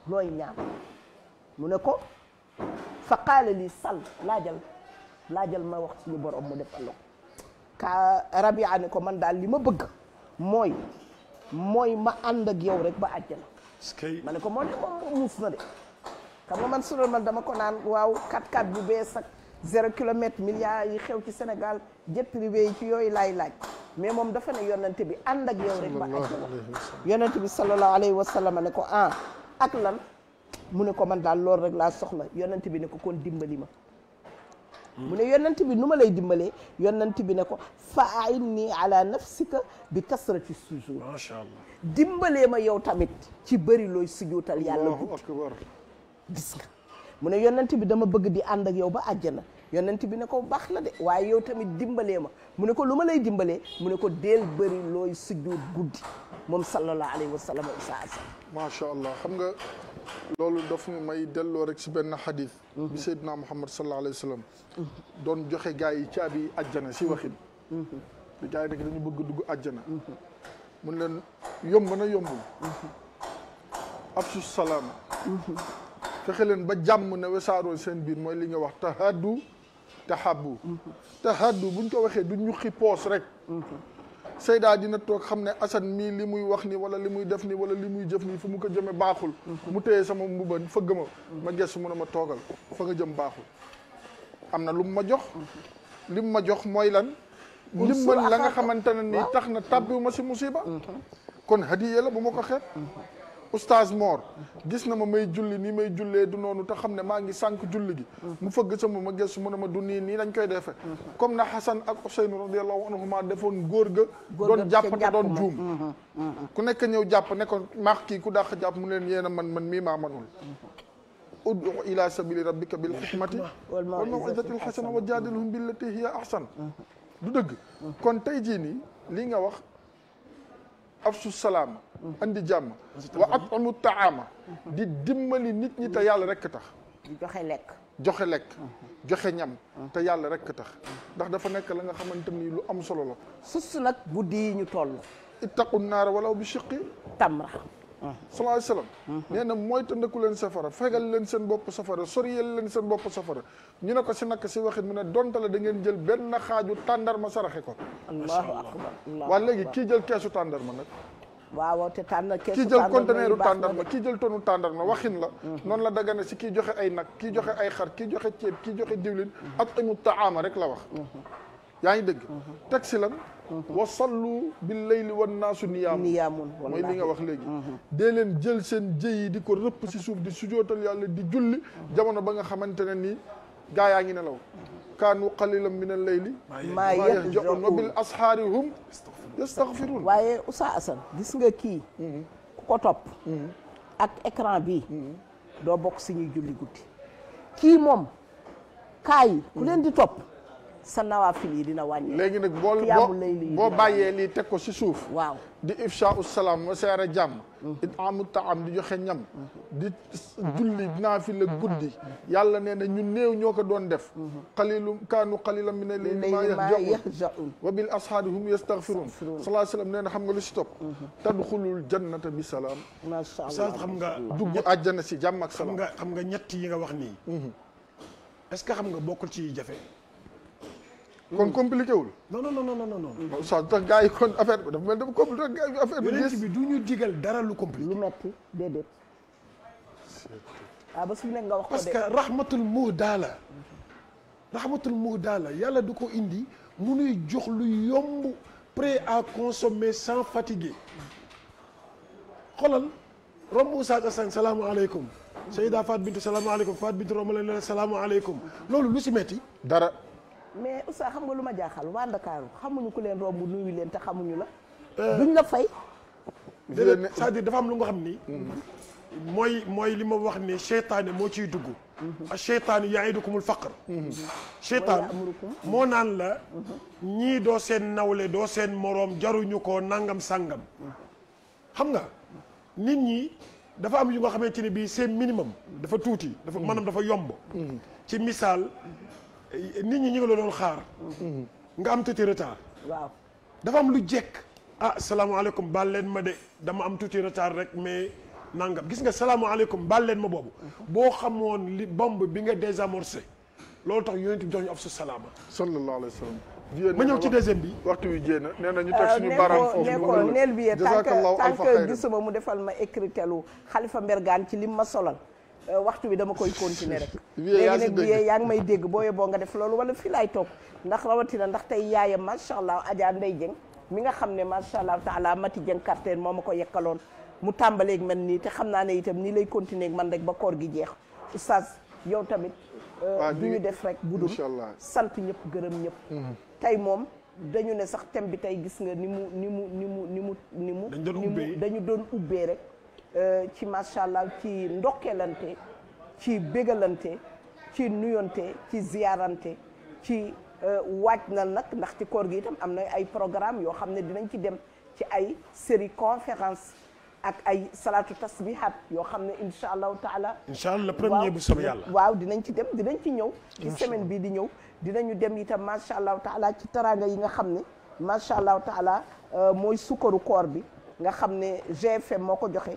looy ñaan mu ne ko fa qaala lii sal laajal laajal ma wax suñu borom mu defal la ko ka rabia ne ko man daal li ma bëgg mooy mooy ma ànd ak yow rek ba àjjana ma ne ko moo ne moom muus na de xam nga man sunu man dama ko naan waaw 4x4 bu bees ak kilomètre milliards yi xew ci senegal jet privé yi ci yooyu laay laaj mais moom dafa ne yonante bi ànd ak yow rek ba àjjana yonante bi sallallahu alayhi wa sallam ne ko ah ak lan mu ne ko man daal loolu rek laa soxla yonent bi ne ko kon dimbali ma mu ne yonent bi nu ma lay dimbalee yonent bi ne ko fa inni ala nafsika bi kasrati sujud ma sha Allah dimbalee ma yow tamit ci bëri looy sujootal yàlla gis nga mu ne yonent bi dama bëgg di ànd ak yow ba àjjana yonent bi na ko baax la de waaye yow tamit dimbalee ma mu ne ko lu ma lay dimbalee mu ne ko deel bëri looy sujjuut guddi moom sallallahu alayhi wa sallam macha allah xam nga loolu daf ñu may delloo rek si benn xadis bi mhm. sayyidina muhammad sallallahu alayhi wa sallam mhm. doon joxe gars yi caabi ajjana si waxin di mhm. gars yi bëgg dugg ajjana mun leen yomb na yombul afsu salaama fexe leen ba jàmm ne wesaaroo seen biir mooy li nga wax du taxabu mm-hmm. tahaddu buñ ko waxee du ñu xippoos rek mm-hmm. Seyda dina toog xam ne Assane mii li muy wax ni wala li muy def ni wala li muy jëf ni fu mu ko jëme baaxul mm-hmm. mu téye sama mbuba fëgg ma ma gestu mu ne ma toogal fa nga jëm baaxul am na lu ma jox li ma jox mooy lan ndimbal la nga xamante ne tax na tàbbiwu ma si musiba kon hadiya la bu ma xeet oustaz Mor gis na ma may julli nii may jullee du noonu te xam ne maa ngi sànq julli gi mu fëgg mu ma gëstu mu ne ma du nii nii dañ koy defe comme na Xasan ak Useyn radiallahu anhuma defoon góor ga doon jàpp te doon juum mm-hmm. Mm-hmm. ku nekk ñëw jàpp ne ko maax kii ku dàq jàpp mu leen yéen man man mii maa manul mm-hmm. udu ila sabili rabbika bil hikmati wal ma al hasana wa jadilhum billati hiya ahsan du dëgg kon tey jii nii lii nga wax afsu salaama andi jàmm wa at amu taama di dimbali nit ñi te yàlla rekk tax di joxe lekk joxe lekk joxe ñam te yàlla rekk tax ndax dafa nekk la nga xamante ni lu am solo la sus nag guddi yi ñu toll ittaqu naara walaw bi shiqi tamra sallallahu alayhi wasallam nee na mooy tëndaku leen safara fegal leen seen bopp safara soriyel leen seen bopp safara ñu ne ko si nakk si waxit mu ne donte la da ngeen jël benn xaaju tàndarma saraxe ko allahu waa léegi kii jël keesu tàndarma nag waaw te tànn keesu kii jël conteneur u tàndarma kii jël tonu tàndarma waxin la mm-hmm. noonu la dagane si kii joxe ay nag kii joxe ay xar kii joxe ceeb kii joxe diwlin mm-hmm. ak amu taama rek la wax mm-hmm. yaa ngi dëgg teg si lan wa sallu bil layli wan naasu niyaamun niyaamun mooy li nga wax léegi dee leen jël seen jëy di ko rëpp si suuf di sujootal yàlla di julli jamono ba nga xamante ne nii gaa yaa ngi nelaw kaanu qalilan min al layli maa yahjaun wa bil asxaari hum astaghfirullah waaye Oussa Assane gis nga kii hmm. ku ko topp hmm. ak écran bi hmm. doo bokk si ñuy julli guddi kii moom kaa yi ku leen di top sa nawaafil yi dina wàññi. léegi nag boo boo bàyyee lii teg ko si suuf. waaw di ifsha salaam wa seere jàmm. Mm-hmm. it amut taam di joxe ñam. Mm-hmm. di julli naafila mm-hmm. guddi. yàlla nee na ñu néew ñoo ko doon def. qalilum kaanu qalilan min al-layli maa yahjaun wa bil ashaari hum yastaghfiruun. nee na xam nga lu si topp. tadxulul jannata bi salaam. macha allah xam nga. dugg àjjana si jàmm ak salaam. xam nga xam ñett yi nga wax nii. est ce que xam nga bokkul ci jafe. kon compliqué wul. non non non non non. oustaz tax gars yi kon affaire bi dafa mel dafa compliqué gars yi affaire bi. yonent bi du ñu digal dara lu compliqué. lu metti déedéet. ah ba su nekk nga wax ko parce que rahmatul muhdaa la. rahmatul muhdaa la yàlla du ko indi mu nuy jox lu yomb prêt à consommer sans fatiguer. xoolal romb oustaz Assane salaamaaleykum. Seyda Fatou Bintou salaamaaleykum Fatou Bintou romb leen salaamaaleykum loolu lu si metti dara. mais Oustaz xam nga lu ma jaaxal waa Ndakaaru xamuñu ku leen romb nuyu leen te xamuñu la. Euh, duñ la fay. déedéet cest dafa am lu nga xam ni. mooy mooy li ma wax ni seytaane moo ciy dugg. Mhm. yaa ngi du yaidukumul faqr. Mhm. seytaan moo naan la. Mhm. ñii doo seen nawle doo seen moroom jaruñu ko nangam sàngam xam nga nit ñi dafa am yu nga xamante ne bii seen minimum. dafa tuuti dafa maanaam dafa yomb. ci misaal nit ñi ñu la doon xaar. nga am tuuti retard. waaw dafa am lu jekk. ah salaamaaleykum baal leen ma de dama am tuuti retard rek mais nangam gis nga salaamaaleykum baal leen ma boobu. boo xamoon li bombe bi nga désamorcé. loolu tax yonent bi jox ñu af su salaama. sallallahu alayhi wa sallam. ma ñëw ci deuxième bi waxtu wi jéem nee na ñu teg euh, suñu baram foofu nee ko neel bi tant que gisuma mu defal ma écritelu xalifa mbergaan ci lim ma solal Euh, waxtu wi dama koy continuer rek [LAUGHS] léegi nag biyee yaa ngi may dégg booye boo nga def loolu wala fii laay toog ndax rawatina ndax tey yaayam macha allah Adja Ndeye Dieng mi nga xam ne macha allah taala Mati Dieng quartier moo ma ko yekkaloon mu tàmbaleek man nii te xam naa ne itam nii lay continuer man rek ba koor gi jeex sas yow tamit euh, du ñu def rek bu budul sant ñëpp gërëm ñëpp mhm. tey moom dañu ne sax thème bi tey gis nga ni mu ni mu ni mu ni mu ni mu dañu doon ubbee rek Euh, ci macha allah ci ndokkelante ci bégalante ci nuyonte ci ziarante ci euh, waaj na nag ndax ci koor gi tam am na ay programme yoo xam ne dinañ ci dem ci ay seri conférence ak ay salaatu tasbihat yoo xam ne incha allahu taala. incha allah le premier bu waaw dinañ ci dem dinañ ci ñëw. ci semaine bii di ñëw dinañu dem itam macha allahu taala ci teraanga yi nga xam ne macha allahu taala euh, mooy sukkaru koor bi nga xam ne GFM moo ko joxe.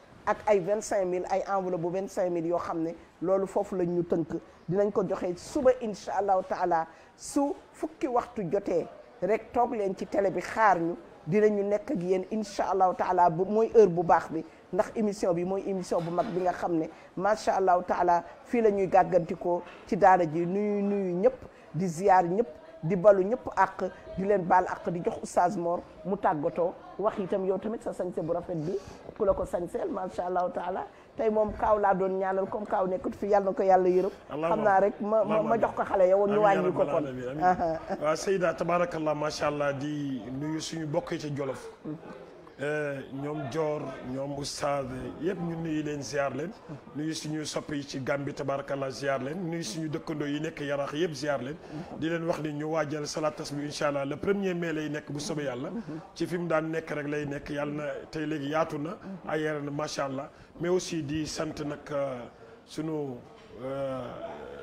ak ay vingt cinq mille ay enveloppe bu vingt cinq mille yoo xam ne loolu foofu lañ ñu tënk dinañ ko joxe suba incha allahu taala su fukki waxtu jotee rek toog leen ci télé bi xaar ñu dinañu nekk ak yéen incha allahu taala bu mooy heure bu baax bi ndax émission bi mooy émission bu mag bi nga xam ne macha allahu taala fii la ñuy gàggantikoo ci daara ji nuyu nuyu ñëpp di ziyaar ñëpp di balu ñëpp àq di leen baal àq di jox oustaz Mor mu tàggatoo wax itam yow tamit sa sañse bu rafet bi ku la ko sañseel macha allahu taala tey moom kaaw laa doon ñaanal comme kaaw nekkut fi yàlla na ko yàlla yërëm xam naa rek ma ma jox ko xale yow ñu wàññi ko kon [LAUGHS] waaw Seyda tabarakallah macha allah di nuyu suñu bokk ci Jolof mm-hmm. Euh, ñoom joor ñoom Oustaz yëpp ñu nuyu leen ziar leen. nuyu suñu sopp yi ci Gàmbi tabarakalla ziar leen nuyu suñu dëkkandoo yi nekk Yaraax yëpp ziar leen. di leen wax ni ñu waajal salaat tas bi incha allah le premier mai lay nekk bu soobee yàlla. ci fi mu daan nekk rek lay nekk yàlla na tey léegi yaatu na. ay na macha allah mais aussi di sant nag euh, suñu euh,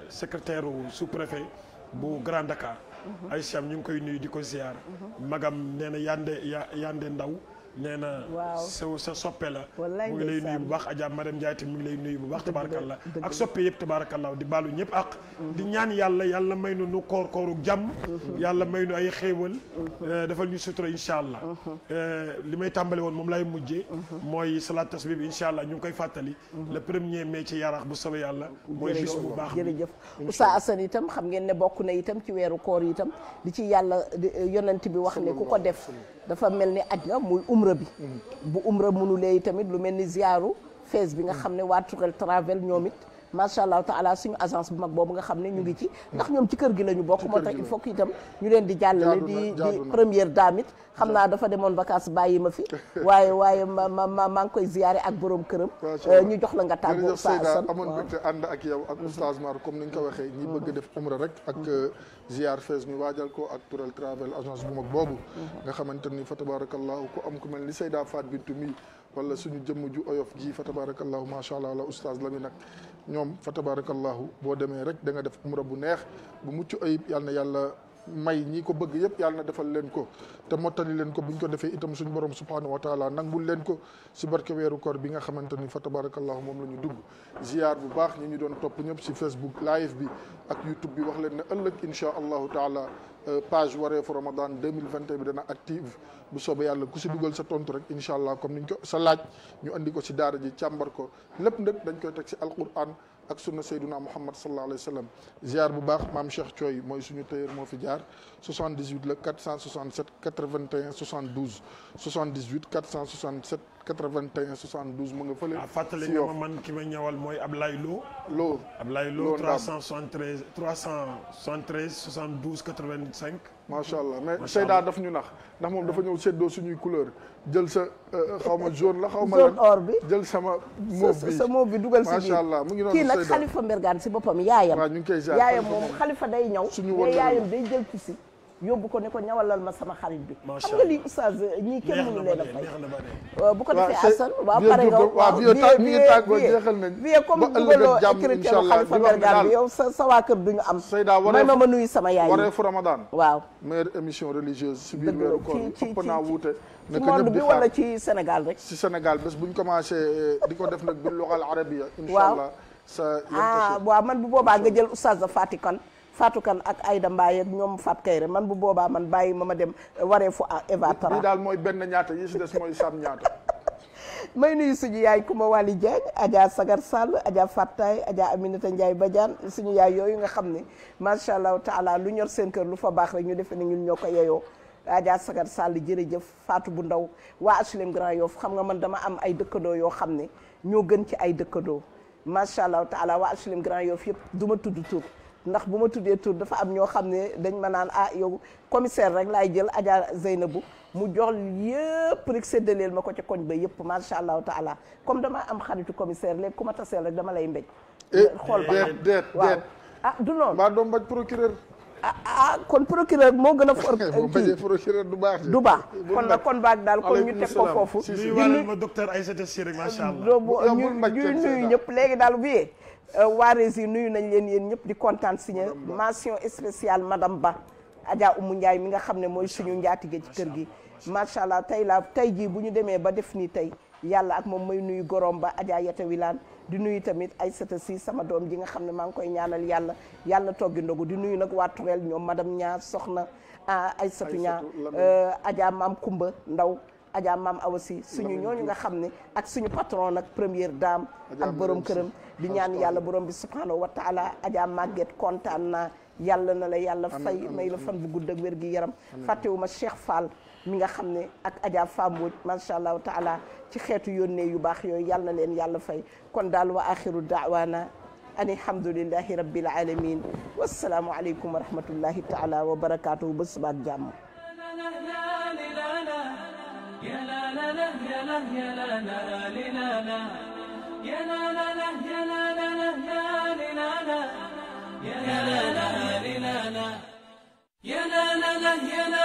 secretaire sous-préfet bu Grand ay mhm. Aïcha ñu ngi koy nuyu di ko ziar. Mhm. magam nee na yande yande ndaw. nee na waaw sa soppe la mu ngi lay nuyu bu baax Adja Marème Ndiaye tamit mu ngi lay nuyu bu baax tabarakallah ak soppe yëpp tabarakallah di baalu ñëpp ak mhm. di ñaan yàlla yàlla may nu nu koor kooru jàmm mhm. yàlla may nu ay xéewal mhm. eh, dafa ñu sutura incha allah eh, li may tàmbali woon moom lay mujjee mooy salaat tasbih bi incha allah ñu ngi koy fàttali le premier mai ci yaraax bu soobee yàlla mooy bis bu baax jërëjëf Oustaz Assane itam xam ngeen ne bokk na itam ci weeru koor itam li ci yàlla eh, yonent bi wax ne ku ko def dafa mel ni aj la muy umra umra bi bu umra mënulee tamit lu mel ni ziaru fees bi nga xam ne waa Travel ñoom macha allah taala suñu agence bu mag boobu nga xam ne ñu ngi ci mm. ndax ñoom ci kër gi la ñu bokk moo tax il faut que itam ñu leen di jàllale di di première dame xam naa dafa demoon vacances bàyyi ma fi waaye waaye ma ma maa ngi koy ziyaare ak borom këram euh, ñu jox la nga tàggoo sa san amoon bëgg ànd ak yow ak mm-hmm. oustaz Mar comme ni nga ko waxee ñi bëgg def umra rek ak mm-hmm. euh, ziar fees ñu waajal ko ak Toural Travel agence bu mag boobu mm-hmm. nga xamante ni fa tabarakallahu ku am ku suñu jëmm ju oyof ji fa tabarakallahu la oustaz la ñoom fa tabarakallahu boo demee rek da nga def umra bu neex bu mucc ayib yàlla yàlla may ñi ko bëgg yëpp yàlla na defal leen ko te mottali leen ko bu ñu ko defee itam suñu borom subhanahu wa taala nangul leen ko si barke weeru koor bi nga xamante ni fa tabarakallahu moom la ñu dugg ziar bu baax ñi ñu doon topp ñëpp si facebook live bi ak youtube bi wax leen ne ëllëg incha allahu taala Euh, page wareefu Ramadan 2021 bi dana active bu soobee yàlla ku si dugal sa tontu rek incha allah comme niñ ko sa laaj ñu andi ko si daara ji càmbar ko lépp nag dañ koy teg si alquran ak sunna sayduna muhammad sallallahu alayhi wa sallam ziar bu baax maam Cheikh Thioy mooy suñu tailleur moo fi jaar 78 la 467 81 72 78 467 81 72 mu nga fële. si ah, yow fàttali nga ma man ki ma ñëwal mooy Ablaye Lo. Lo Ablaye Lo 373 373 72 85. macha allah mais Seyda daf ñu nax ndax moom dafa ñëw seddoo suñuy couleur jël sa euh, euh, xaw ma jaune la xaw ma. jaune or bi jël sama mauve bi sa mauve dugal si biir macha allah mu ngi noonu Seyda kii nag Khalifa Mbergane si boppam yaayam. waaw ñu ngi koy yaayam moom Khalifa day ñëw. suñu yaayam day jël si. yóbbu ko ne ko ñawalal ma sama xarit bi xam nga lii oustaz ñii kenn mënu leen a fay bu ko defee asan waaw ga nga waaw bi bi vie comme dugaloo écriture xalifa bergaan bi yow sa sa waa kër duñu am Seyda may ma ma nuyu sama yaay wareefu ramadan waaw meilleure émission religieuse si biir weeru ko ko naa wuute ci monde bi wala ci Sénégal rek si Sénégal bés buñ commencé eh, di ko def nag bi luxal arabia incha allah sa ah waaw man bu boobaa nga jël oustaz Fatickane Fatou Kane ak Aïda Mbaye ak ñoom Fatou Kayre man bu boobaa man bàyyi ma ma dem waree fu Eva daal mooy benn ñaata yi si des mooy sam ñaata [LAUGHS] may nuyu suñu yaay Kuma Wali Diagne Adja Sagar Sall Adja Fattay Adja Aminata Ndiaye Badiane suñu yaay yooyu nga xam ne macha allah taala lu ñor seen kër lu fa baax rek ñu defe ne ñun ñoo ko yeyoo Adja Sagar Sall jërëjëf Fatou bu ndaw waa HLM Grand Yoff xam nga man dama am ay dëkkandoo yoo xam ne ñoo gën ci ay dëkkandoo macha allah taala waa HLM Grand Yoff yëpp du ma tudd ndax bu ma tuddee tur dafa am ñoo xam ne dañ ma naan ah yow commissaire rek laay jël Adja Zeynabu mu jox yëpp rek séddaleel ma ko ca koñ ba yëpp macha allahu taala comme damaa am xaritu commissaire léegi ku ma taseel rek dama lay mbéj. Eh, euh, xool ba xam ah, du noonu. mbaa doom bañ procureur. ah ah kon procureur moo gën a for. [LAUGHS] du baax. du baax kon nag kon baax daal kon ñu teg ko foofu. si si waral ma docteur Aïssata Sy rek ñëpp léegi daal bu Euh, waa Rési nuyu nañ leen yéen ñëpp di kontaan si ñeen mention spéciale madame Ba Adja Umu Ndiaye mi nga xam ne mooy suñu njaatige ci kër gi macha allah tey la tey jii bu ñu demee ba def nii tey yàlla ak moom may nuyu gorom ba Adja Yata di nuyu tamit ay sata si sama doom ji nga xam ne maa ngi koy ñaanal yàlla yàlla toggi ndogu di nuyu nag waa Turel ñoom madam ñaa soxna ay satu ñaa Adja maam Kumba Ndaw Adja Maam Awa Si suñu ñooñu nga xam ne ak suñu patron nag première daam ak borom këram di ñaan yàlla borom bi subhanahu wa taala Adja Maguette kontaan naa yàlla na la yàlla fay may la fan bu gudd ak wér gi yaram ma Cheikh Fall mi nga xam ne ak Adja Fambooj macha allahu taala ci xeetu yónnee yu baax yooyu yàlla na leen yàlla fay kon daal wa axiru daawaana ani alhamdulillahi rabbil alamin wassalaamu aleykum wa rahmatullahi taala wa barakaatuhu ba jàmm يا لا لا لا يا لا يا لا لا لا لا يا لا لا لا يا لا لا لا لا لا لا يا لا لا لا لا لا يا لا لا لا يا لا